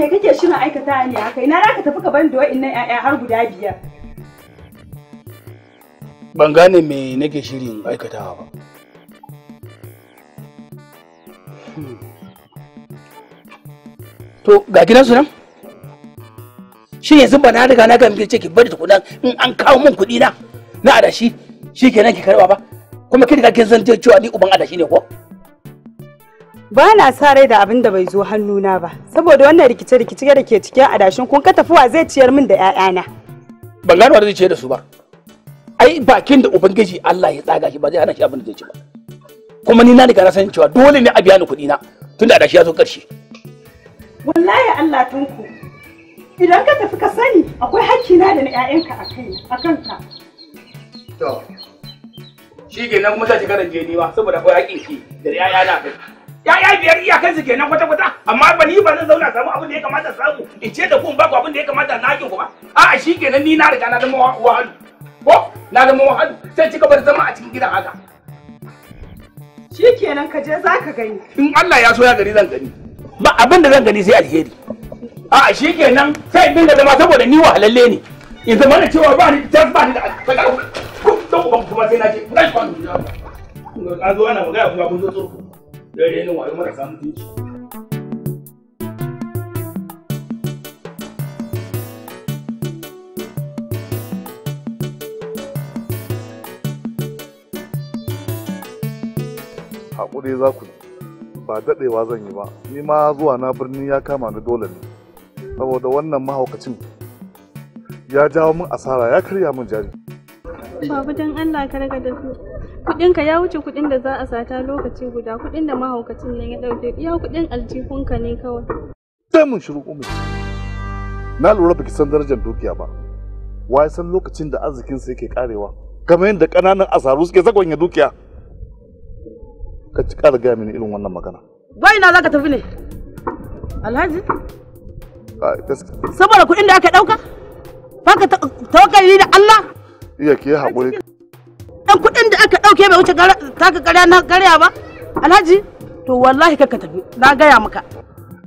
me kake shirin aikata ne a kai na ka tafi ka bani da wa'annan ƴaƴa har guda biyar ban gane me nake shirin aikatawa ba to ga gidansu nan shi yanzu ba na riga na gambe ce ki bari tukuna in an kawo min kuɗi na na adashi shi kenan ki karba ba kuma ki ga kin san cewa ni uban adashi ne ko ba na sa rai da abin da bai zo hannuna ba saboda wannan rikice-rikice da ke cikin adashin kun ka tafi wa zai ciyar min da na. ban gano da zai ciyar da su ba ai bakin da ubangiji Allah ya tsaga shi ba zai hana shi abin da zai ci ba kuma ni na riga na san cewa dole ne a biya ni kuɗi na tunda adashi ya zo ƙarshe wallahi Allah tunku idan ka tafi ka sani akwai hakki na da na 'ya'yanka a kai a kanka to shi kenan kuma ta ka da ni ba saboda akwai hakkin shi da 'ya'yana kai ya'ya biyar iyakansu kenan kwata-kwata amma ba ni ba zan zauna samu abin da ya kamata samu in ce da kun ba ku abin da ya kamata na hakin ku ba a'a shi ni na riga na zama wahalu ko na zama wahalu sai cika bar zama a cikin gidan haka Shikenan ka je za ka gani in Allah ya so ya gani zan gani ba abin da zan gani sai alheri a'a shi sai in da zama saboda ni wahalalle ne in zama da cewa ba ni tas ba ni da alfaga ko kuma sai na ce na shi kwanu na zo ana magana kuma kun zo tsoro don marasa haƙuri za ku ba daɗewa zan yi ba ni ma zuwa na birni ya kama ni dole ne saboda wannan mahaukacin ya jawo min asara ya karya min jari babu don allah ka raga da su kuɗinka ya wuce kuɗin da za a sata lokaci guda kuɗin da mahaukacin nan ya ɗauke iya kuɗin aljihunka ne kawai. Sai mun shiru umu. Na lura baki san darajar dukiya ba. wai san lokacin da sa yake karewa. Kamar yadda ƙananan asaru suke zagonya dukiya. Ka ci ƙara gaya mini irin wannan magana. Wai na za ka tafi ne? Alhaji? Saboda kuɗin da aka ɗauka? Ba ka tawakkali da Allah? Iya ke haƙuri. dan kuɗin da aka ɗauke bai wuce taka karya na karya ba alhaji to wallahi ka tafi na gaya maka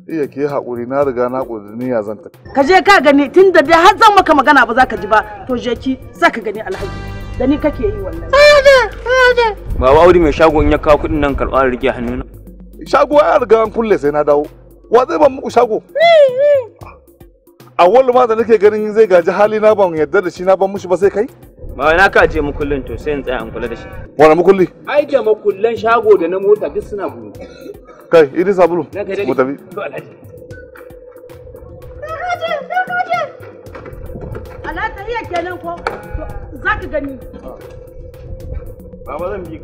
iya ke haƙuri na riga na ƙudurni ya zan ka je ka gani tun da dai har zan maka magana ba za ka ji ba to je ki za ka gani alhaji da ni kake yi wallahi baba auri mai shago in ya kawo kuɗin nan karɓa rike hannuna shago ya riga an kulle sai na dawo wa zai ban muku shago a wallu ma da nake ganin zai gaji hali na ban yadda da shi na ban mushi ba sai kai ba na ka je mukullin to sai in tsaya in kula da shi wani mukulli ai da mukullan shago da na mota duk suna gudu kai idi sabulu mu tafi ka gani baba zan bi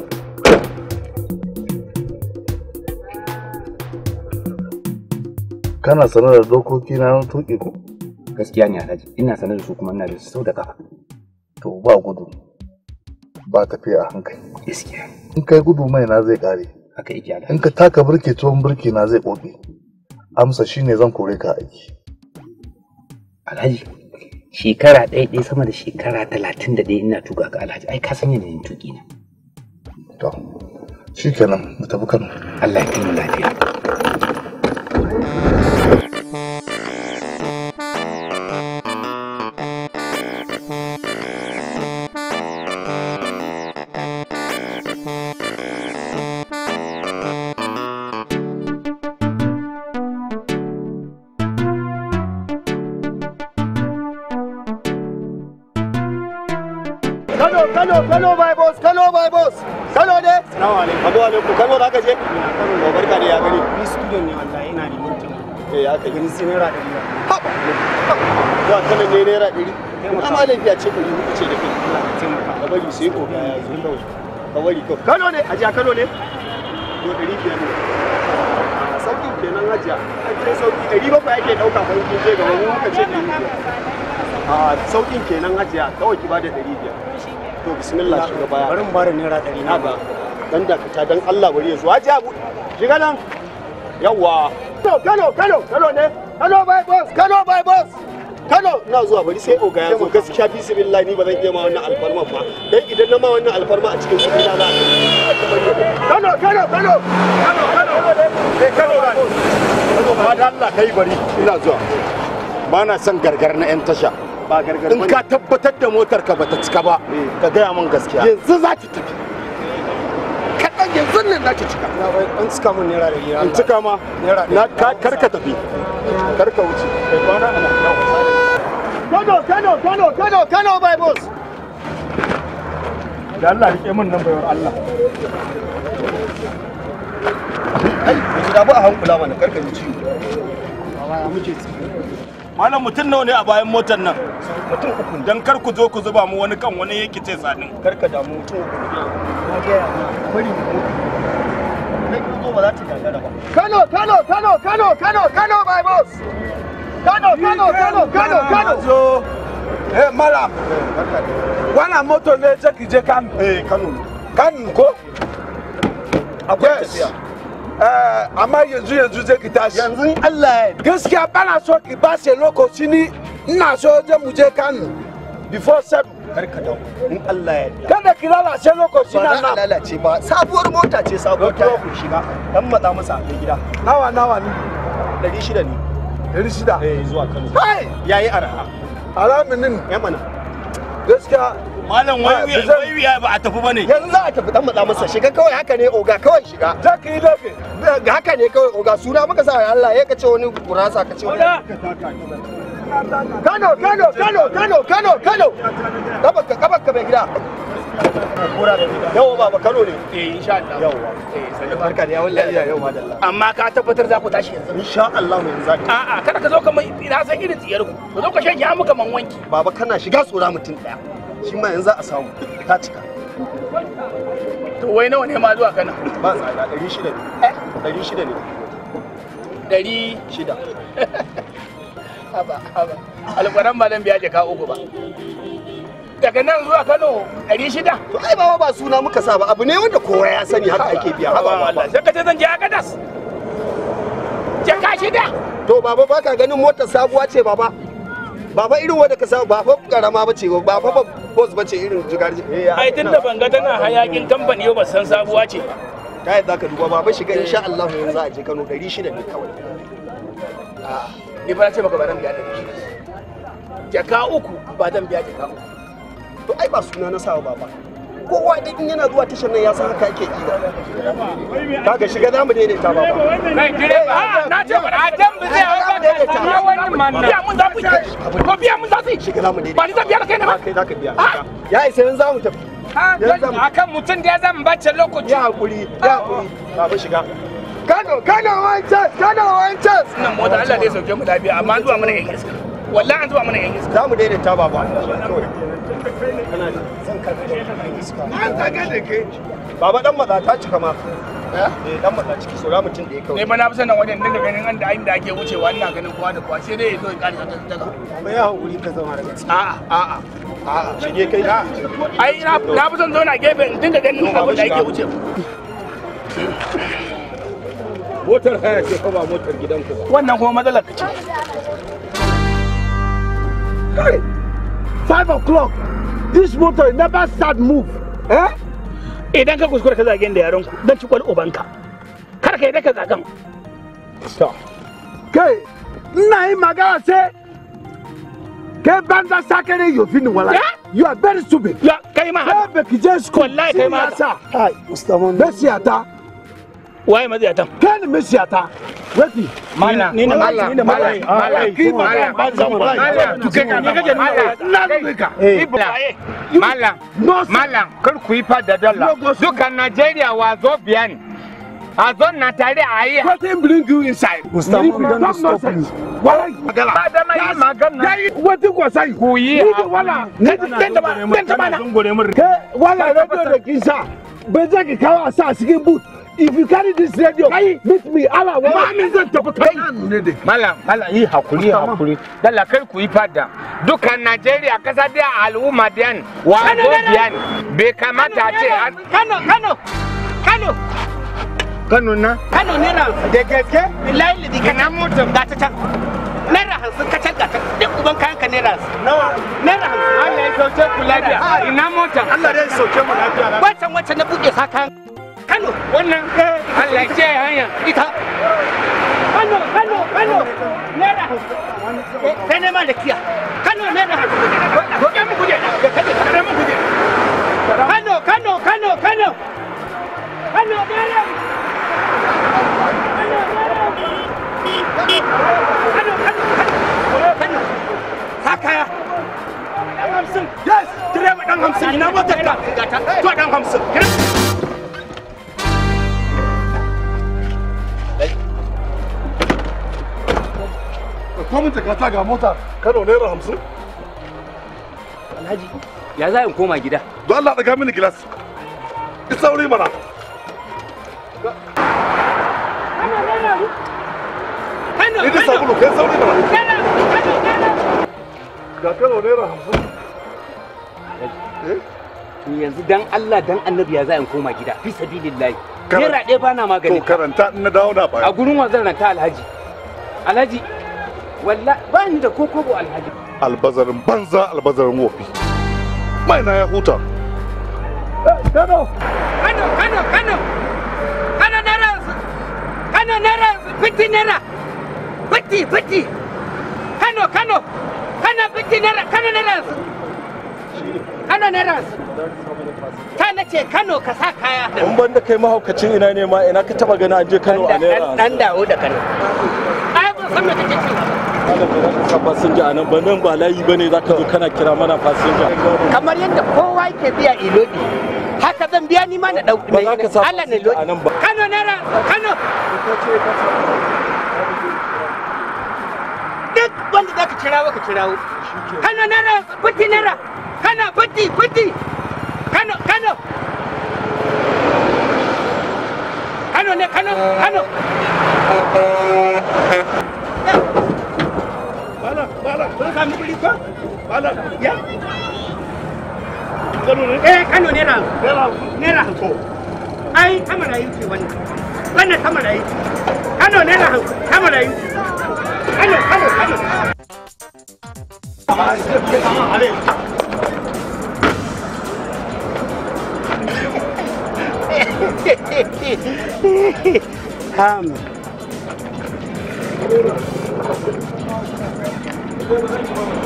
ka kana sanar da dokoki na tuƙi ko gaskiya ne alhaji ina sanar da su kuma ina da su da kafa to ba gudu ba tafiya a hankali gaskiya in kai gudu mai na zai kare haka yake alhaji in ka taka birki tuwon burke na zai koke amsa shine zan kore ka aiki alhaji shekara ɗaya ɗaya sama da shekara talatin da ɗaya ina tuka ka alhaji ai ka san yanayin tuƙi na to shikenan mu tafi kano Allah ya kai mu lafiya ɗari amma laifi a ce ɗari muka ce da kai ka bari sai ko ka bari kawai kano ne ajiya kano ne to ɗari biyar ne sauƙin kenan ajiya ce sauƙi ɗari bakwai ake ɗauka fa kun je gaba mu muka ce ɗari biyar a sauƙin kenan ajiya kawai ki bada ɗari biyar to bismillah baya bari mu bada naira ɗari na ba dan dakata dan Allah bari ya zo ajiya shiga nan yawwa kano kano kano kano ne kano bai boss kano bai boss Kano na zuwa bari sai oga ya zo gaskiya fi sibillah ni ba zan iya ma wannan alfarma ba dan idan na ma wannan alfarma a cikin kuɗi na za a Kano Kano Kano Kano Kano sai Kano Kano ba da Allah kai bari ina zuwa ba na son gargar na yan tasha ba gargar in ka tabbatar da motar ka bata cika ba ka gaya min gaskiya yanzu za ki tafi kaɗan yanzu nan za ki cika in cika min naira da an cika ma na karka tafi karka wuce kai kwana ana Kano, Kano, Kano, Kano, Kano, my boss. Da Allah rike mun nan bayar Allah. Kai, gida ba a hankula mana karka ji ciwo. Malam mutum nawa ne a bayan motar nan? Mutum uku. Dan kar ku zo ku mu wani kan wani yake ce Karka damu mutum uku. bari ba za ta gagara ba. Kano, Kano, Kano, Kano, Kano, Kano, boss. Kano, Kano, Kano, Kano, Kano. Eh, Malam. moto ne je je Kano. Eh, Kano. Kano ko? Yes. tafiya. Eh, amma yanzu yanzu zai ki tashi Allah ya gaskiya bana so ki ba sai lokaci ni ina so je mu je Kano before seven Allah ya kada ki lalace lokaci na na lalace ba sabuwar mota ce sabuwar ta dan masa a gida nawa nawa 600 ne ɗari shida eh zuwa kano kai yayi araha aramin din ya mana gaskiya malam wayu ya ba a tafi bane yanzu za a tafi dan matsa masa shiga kawai haka ne oga kawai shiga za ka yi dafe haka ne kawai oga suna muka sa Allah ya kace wani gurasa kace wani Kano, Kano, Kano, Kano, Kano, Kano. kabaka kabarka mai gida. Yawa baba Kano ne. Eh insha Allah. Yawa. Eh barka da yawon lafiya yau madalla. Amma ka tabbatar za ku tashi yanzu. Insha Allah mu yanzu. a A'a kada ka zo kamar ina san irin tsiyar ku. Ku zo ka shanye amu kaman wanki. Baba kana shiga tsora mutum daya. Shi ma yanzu a samu. Ta cika. To wai nawa ne ma zuwa kana? Ba tsada 600 ne. 600 ne. 600. [laughs] haba haba alƙwaran malam biya jaka uku ba daga nan zuwa Kano ɗari shida. To ai ba ba suna muka sa ba abu ne wanda kowa ya sani haka ake biya haba ba. Sai ka ce zan je Agadas. Jaka shida. To baba ba ka ganin motar sabuwa ce baba. Baba irin wanda ka samu baba karama ba ce baba ba boss ba ce irin jigar. Eh, ai tun da banga tana hayakin tambani ba san sabuwa ce. Ta yadda ka duba baba shiga eh. insha Allah yanzu a je Kano ɗari shida ne kawai. A'a. Ah. ni ba ce maka ba dan biya da shi jaka uku ba dan biya jaka uku to ai ba suna na sawa baba kowa duk in yana zuwa tashar nan ya san haka yake kira kaga shiga zamu daidaita baba kai ba eh, na ce ba dan bi zai haka daidaita ya wani manna biya mun za ku yi ko biya mun za su yi shiga zamu dai ba ni zan biya da kai na ba kai ka biya ah! ya isa yanzu zamu tafi ah, akan mutum da ya zama bacin lokaci ya hakuri ya hakuri ah. ba shiga Kano Kano wancan Kano wancan nan mota Allah dai sauke mu lafiya amma an zuwa mana yan iska wallahi an zuwa mana yan iska zamu daina ta baba Baba dan maza ta cika ma. Eh, eh dan maza ciki sura mutum da ya kawai. Ne ba na fi sanin wajen dinga ganin an da inda ake wucewa ina ganin kowa da kowa sai dai ya zo ya kare ta daga. Ba ya hankuri ka zama daga ciki. A'a a'a. A'a shige kai. na. Ai na fi son zauna gefe in dinga ganin abin da ake wucewa. [laughs] motar haya ce fa ba motar gidanku ba wannan kuma matsalar ka ce hey five o'clock this motor never start move eh idan ka kuskura ka zagen da yaron ku dan ci kwal ubanka kar ka yi daka zagan stop kai ina yi magana sai kai banza sakare yofi ni wala you are very stupid kai ma kai ba ki je school kai ma sa hai mustafa besiya ta waye maziyatan kanin maziyata rafi mana ni ne mala ni ne mala mala ki mala mala mala malai tuke ka mala mala na tuke ka mala mala kar ku yi fada dalla dukan wa zo biya a zo na tare a yi nothing bring you inside Gustav don't stop you wallahi yi magana yayi wata kwasai ku yi wala ne tanda ba tanda ba ne wala radio da kisa bai zaki kawo a sa cikin boot if you carry this radio meet me Allah wa mami zan tafi kai malam malam yi hakuri hakuri dalla kai ku yi fada dukan Najeriya kasa da al'umma dan wa biyan Be kamata ce Kano Kano Kano Kano na Kano ne na da gaske billahi kana motar ga ta naira hamsin kacal kacal duk uban kayan ka naira hamsin naira ina motar Allah ya sauke mu lafiya na sa Kano. Wannan Allah ya ce hanya ita. Kano, Kano, Kano. Naira hamsin. Sai nema da kiya. Kano naira hamsin. Roƙe mu kuje. Roƙe mu kuje. Kano, Kano, Kano, Kano. Kano naira Kano naira Kano, Kano, Kano. Kano. Sakaya. Ɗan hamsin. Yes. Direba ɗan hamsin. Ina motar ta. To ɗan hamsin. ɗauko min jakata ga mota kano naira hamsin alhaji ya za in koma gida don allah ɗaga mini gilas isa wuri mana ni da sabulu kai sauri mana ga kano naira hamsin eh? to yanzu dan allah dan annabi ya za in koma gida fi sabilillahi naira ɗaya ba na magani to karanta na dawo na baya a gurin wazan ranta alhaji alhaji walla ba ni da kokobo alhaji albazarin banza albazarin wofi mai na ya huta eh, kano kano kano kano kano naira kano naira fifty nera, fifty fifty kano kano kano fifty nera, kano naira kano naira ta na ce kano ka sa kaya in ban da kai mahaukacin ina ne ma ina ka taba gani an je kano a naira dan dawo da kano ai ban san me kake ci ka fasinja a nan ba nan ba layi ba ne zo kana kira mana fasinja kamar yadda kowa yake biya ilodi haka zan biya ni ma na ɗauki ba za ka sa a nan ba kano naira kano duk wanda ka kano naira kuti kano kuti kuti kano kano kano ne kano kano Ano? Yeah. Eh, kano naira? Naira hanko. Ai, kama na yuki wannan. Wannan kama na yuki. Kano naira hanko, kama na yuki. Kano, kano, kano. Ham. Thank you.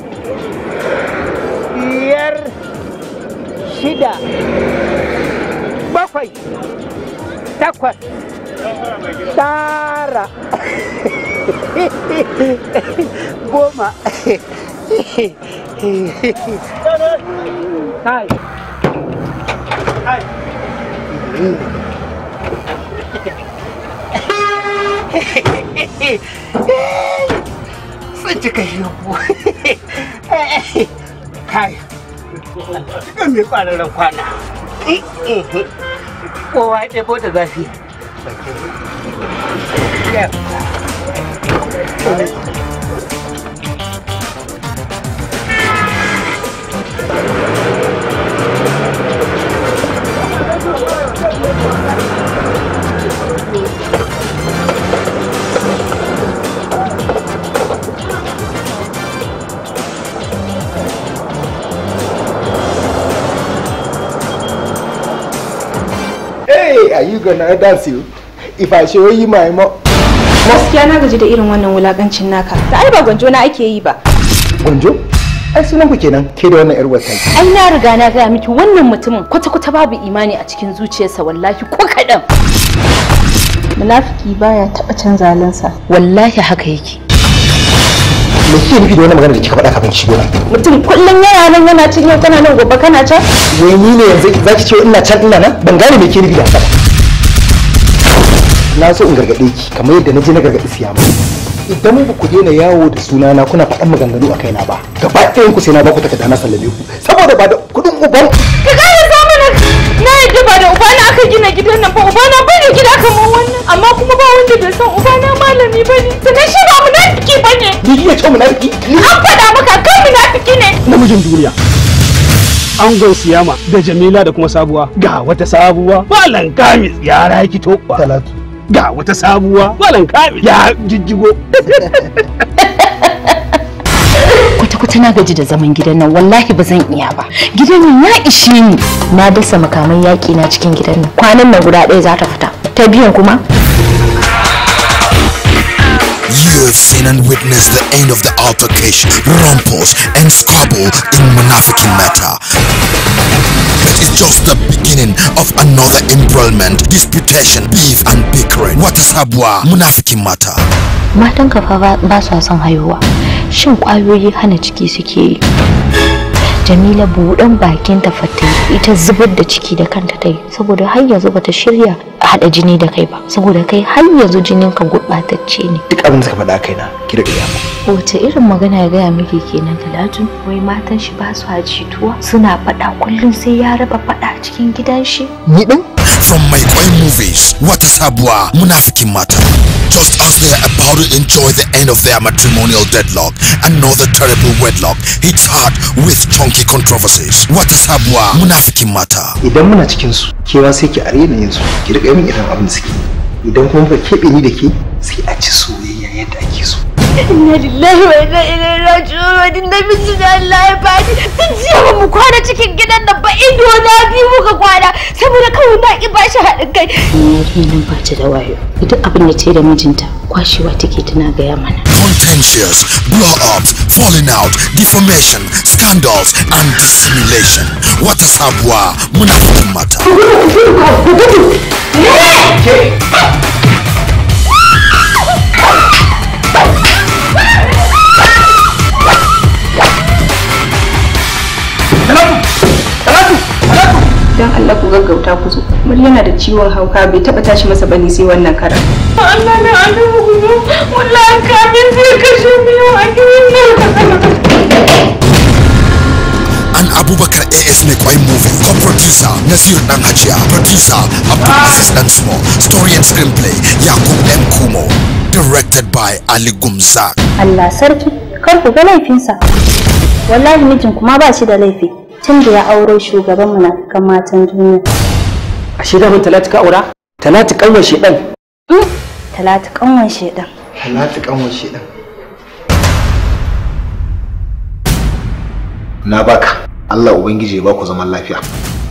shida bakwai takwas tara [laughs] goma [laughs] kai kai [laughs] Sai cika shi kai da mai ƙwararren kwana eh, eh, eh. kowa ya ɗebo da zafi you gonna dance you if I show you my mo gaskiya na gaji da irin wannan wulakancin naka da ai ba gwanjo na ake yi ba gwanjo ai sunan ku kenan ke da wannan yar wasa ai na riga na gaya miki wannan mutumin kwata kwata babu imani a cikin zuciyarsa wallahi ko kadan munafiki baya taba canza halinsa wallahi haka yake me kike nufi da wannan magana da kika faɗa kafin shigo nan mutum kullum yana nan yana cin yau kana nan gobe kana can wai ni ne yanzu zaki ce ina can ina nan ban gane me kike nufi da haka na so in gargaɗe ki kamar yadda na je na gargaɗi siya ma idan ba ku na yawo da suna na kuna faɗan maganganu a kaina ba gaba ɗayan ku sai na ba ku takarda na sallame ku saboda ba da kuɗin uban ka na yadda ba da ubana aka gina gidan nan ba ubana ba ne gida kamar wannan amma kuma ba wanda bai san ubana malami ba ne sannan shi ba munafiki ba ne ni iya ce munafiki an faɗa maka na munafiki ne namijin duniya angon siyama da jamila da kuma sabuwa ga wata sabuwa malam kamis ya raki to talatu ga wata sabuwa malam kabi ya jijjigo kwata-kwata na gaji da zaman gidan nan wallahi ba zan iya ba gidan nan ya ishe ni na dasa makaman yaƙi na cikin gidan nan kwanan nan guda ɗaya za ta fita ta biyan kuma Yes. in and witness the end of the altercation, rumples, and squabble in Munafikin Mecca. But is just the beginning of another embroilment, disputation, beef and bickering. Wata sabuwa Munafiki mata Matan kafa ba sa son haihuwa. Shin kwayoyi hana ciki suke yi. jamila buɗan bakin ta fata ita zubar da ciki da kanta ta yi saboda har yanzu bata shirya haɗa jini da kai ba saboda kai har yanzu jinin ka gurɓatacce ne duk abin da ka faɗa kaina ki da gaya wace irin magana ya gaya miki kenan talatu wai matan shi ba su jituwa suna faɗa kullum sai ya raba faɗa cikin gidan shi ni din from my boy movies wata sabuwa munafikin mata Just they are about to enjoy the end of their matrimonial deadlock. Another terrible wedlock hits hard with chunky controversies. Wata sabuwa munafikin mata. Idan muna cikin su, kewa sai ki arena yin su, ki riƙa yin irin abin suke. Idan kuma ba keɓe ni da ke, sai a ci soyayya yadda ake so. Inna lillahi wa inna wani da mu kwana cikin gidan nan ba ido na saboda kawai na bashi haɗin kai. Yarinya nan ba ta da wayo duk abin da ce da mijinta kwashewa take tana gaya mana. Contentious, blow-ups, falling out, defamation, scandals and dissimulation. Wata sabuwa muna fitin mata. don Allah ku gaggauta ku zo mur yana da ciwon hauka bai taba tashi masa bane sai wannan karan Allah na Allah ku zo wallahi min zai kashe ni a gidan an abubakar as ne kwai movie ko producer nasir dan hajiya producer abdul aziz dan sumo story and screenplay yakub m kumo directed by ali gumzak allah sarki kar ku ga laifinsa wallahi mijin kuma ba shi da laifi tun da ya aure shugaban munafikan matan duniya. A shi damin talatu ka aura? Talatu kanwan hmm? shedan. Talatu kanwan shedan. Talatu kanwan shedan. Na baka. Allah Ubangiji ya baku zaman lafiya.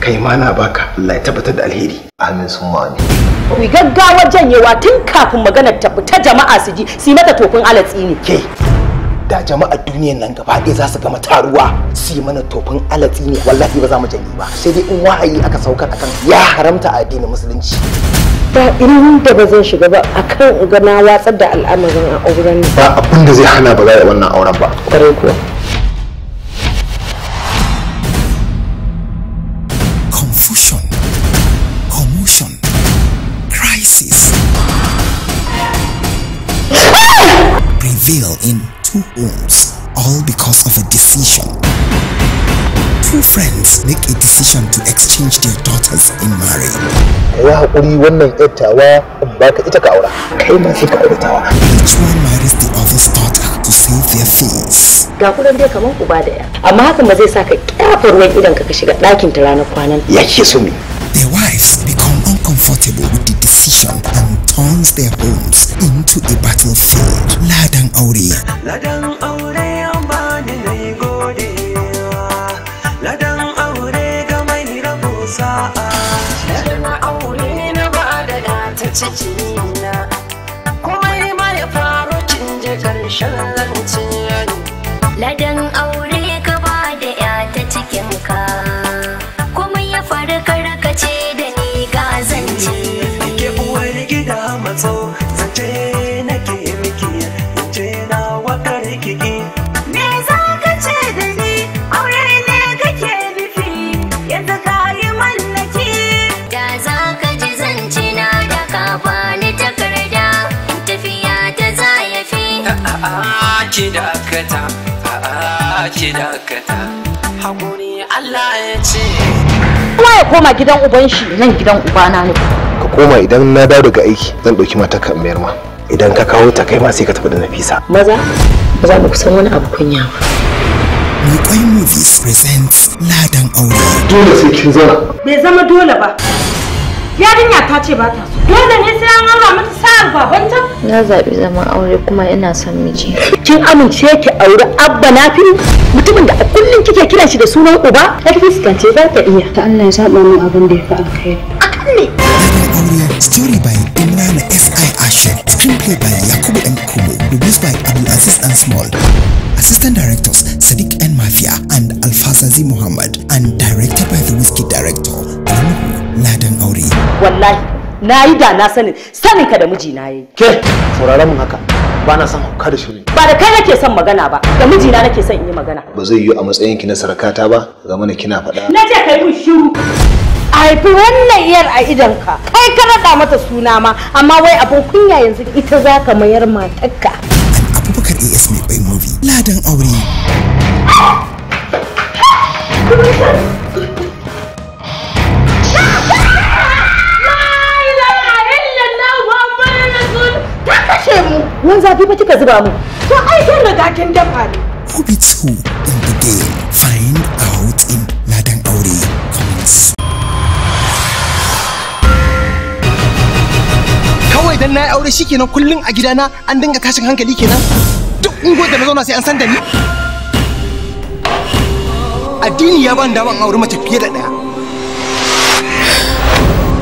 Kai ma na baka. Allah ya tabbatar da alheri. Amin sun amin. ku gaggawar janyewa tun kafin maganar ta fita jama'a su ji su mata tofin alatsi ne ke da jama'a duniyar nan gaba ɗaya za su gama taruwa su yi mana tofin alatsi ne wallahi ba za mu janye ba sai dai in wahayi aka saukar a kan. ya haramta addinin musulunci ba da ba zan shiga ba akan ga na watsar da al'amarin a auren ne. ba abin da zai hana ba za a wannan auren ba kwarai kuwa confusion commotion crisis ah! reveal in two homes, all because of a decision. Two friends make a decision to exchange their daughters in marriage. Ya haƙuri wannan yattawa baka ita ka aura, Each one marries the other's daughter to save their face. Ga kunan dai kamar uba da ya, amma hakan ba zai sa ka kyafa ruwan idan ka shiga ɗakin ta ranar kwanan. Ya ke so me? Their wives become uncomfortable with the decision and turns their homes into a battlefield. Ladan aure. Ladan aure bani na yi godewa. Ladan aure ga mai rabo sa'a. Ladan aure na bada da ta ciki na. Kuma ma ya faru cin karshen lancin Ladan aure. ki dakata a ki dakata hakuri Allah ya ce kuma ya koma gidan uban shi nan gidan ubana ne ka koma idan na dawo daga aiki zan dauki mata kan mayar ma idan ka kawo ta kai ma sai ka tafi da nafisa maza ba za mu kusan wani abu kunya ba kai Movies presents Ladan Aure. Dole sai kin zauna. Bai zama dole ba. yarinya ta ce ba ta so dole ne sai an aura mata sa'ar babanta na zaɓi zaman aure kuma ina son miji kin amince ki auri abba nafi mutumin da a kullum kike kira shi da sunan uba at least kan ce za ta iya ta Allah ya saba min abin da ya fi alkhairi akan ne story by Imran S.I. Asher screenplay by Yakubu M. Kumo produced by Abdul Aziz and Small assistant directors Sadiq N. Mafia and Alfazazi Muhammad and directed by the whiskey director Ladan wallahi na yi da na sanin sanin ka da miji na yi ke furara mun haka ba na son hauka da ne ba da kai nake son magana ba da miji na nake son in yi magana ba zai yi a matsayin ki na sarakata ba ga mana kina faɗa na ce kai mun shiru a haifi wannan iyar a idan ka kai ka raɗa mata suna ma amma wai abin kunya yanzu ita za ka mayar matarka abubakar as mai bai movie ladan aure ah! Ah! kashe mu ruwan zafi fa kika zuba mu to ai kin riga kin dafa ne who be who in the game find out in ladan aure comments kawai dan na aure shikenan kullun a gidana an dinga tashin hankali kenan duk ungo da na zauna sai an san da ni addini ya ban daman aure mace fiye da daya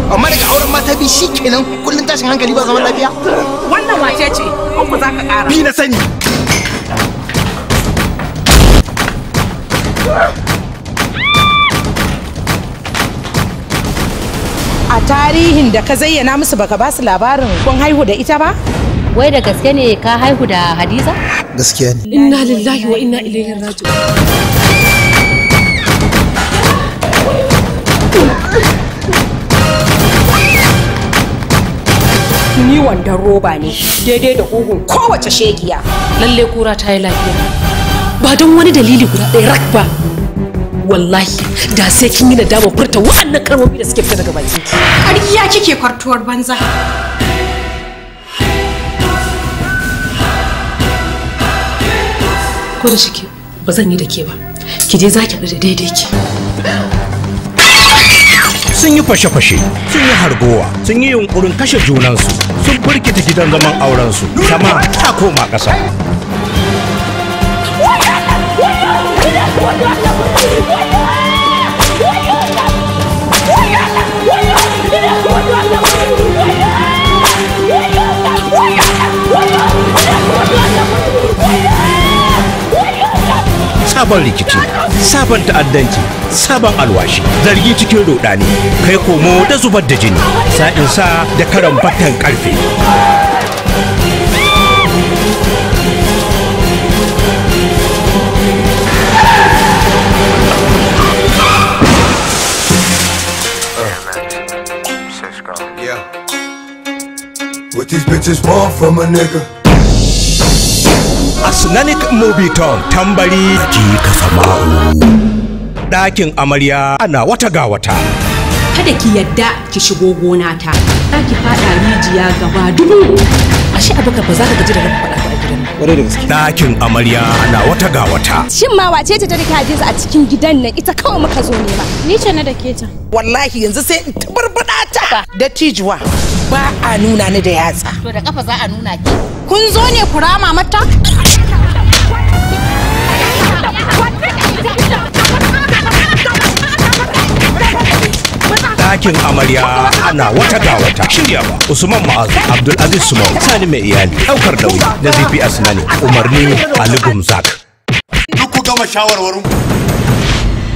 amma daga auren mata bi shi kenan kullum tashin hankali ba zaman lafiya wannan wace ce an za ka ƙara ni na sani a tarihin da ka zayyana musu baka ba su labarin kun haihu da ita ba wai da gaske ne ka haihu da hadiza gaskiya ne inna lillahi wa inna ilaihi raji'un ni wandon roba ne daidai da ƙugun kowace shegiya lalle kura ta yi lafiya ba don wani dalili guda ɗaya rak ba wallahi da sai kin yi da dama furta wannan kalmomi da suke fita daga baki ƙarya kike kwartuwar banza ko da shike ba zan yi da ke ba ki je za ki da daidai ki sun yi fashe-fashe sun yi hargowa sun yi yunkurin kashe junansu birkita gidan zaman su kama ta koma ƙasa. sabon rikici sabon ta'addanci sabon alwashi zargi cikin rudani kai komo da zubar da jini sa'in sa da karan batan karfe What these bitches want from a nigga sunanic Movie Town tambari ka sama'u. Ɗakin amarya ana wata ga wata. Kada ki yadda ki shigo gona ta, za ki faɗa rijiya gaba dubu. Ashe abuka ba za ka gaji da rafa Dakin da amarya na wata ga wata shin ma wace ce ta da hadiza a cikin gidan nan ita kawai muka zo nema ni ce na da ke ta wallahi yanzu sai in tabarbada ta da tijuwa ba a nuna ni da yatsa to da kafa za a nuna ki kun zo ne kurama mata [laughs] Dakin amarya ana wata ga wata ba usman ma'az abdul aziz sumau sani mai iyali ɗaukar nauyi da zifi asnani umarni ali gumzak duk ku gama shawarwarin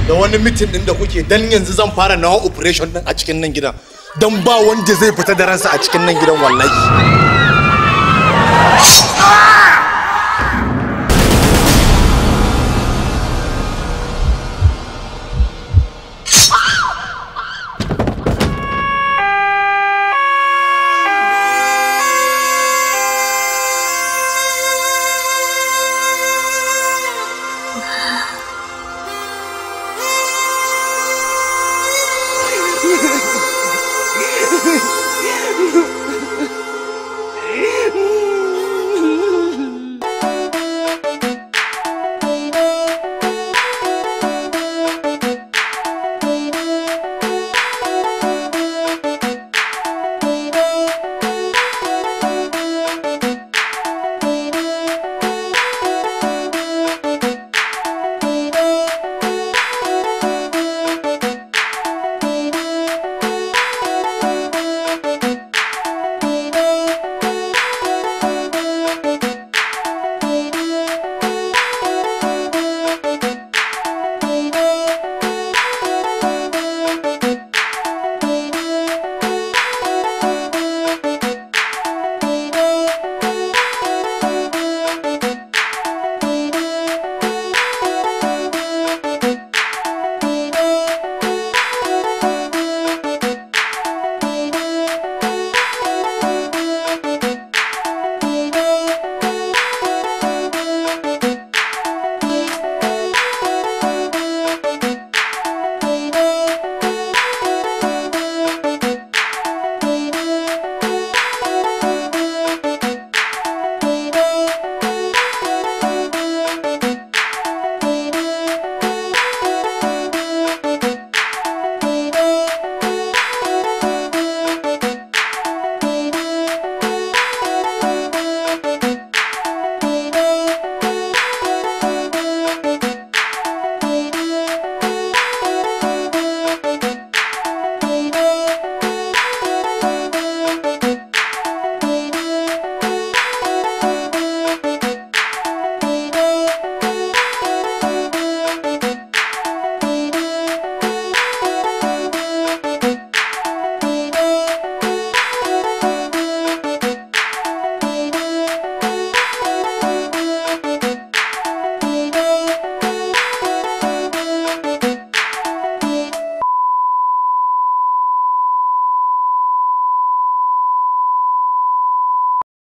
da wani mitin din da kuke dan yanzu zan fara nawa operation din a cikin nan gidan dan ba wanda zai fita da ransa a cikin nan gidan wallahi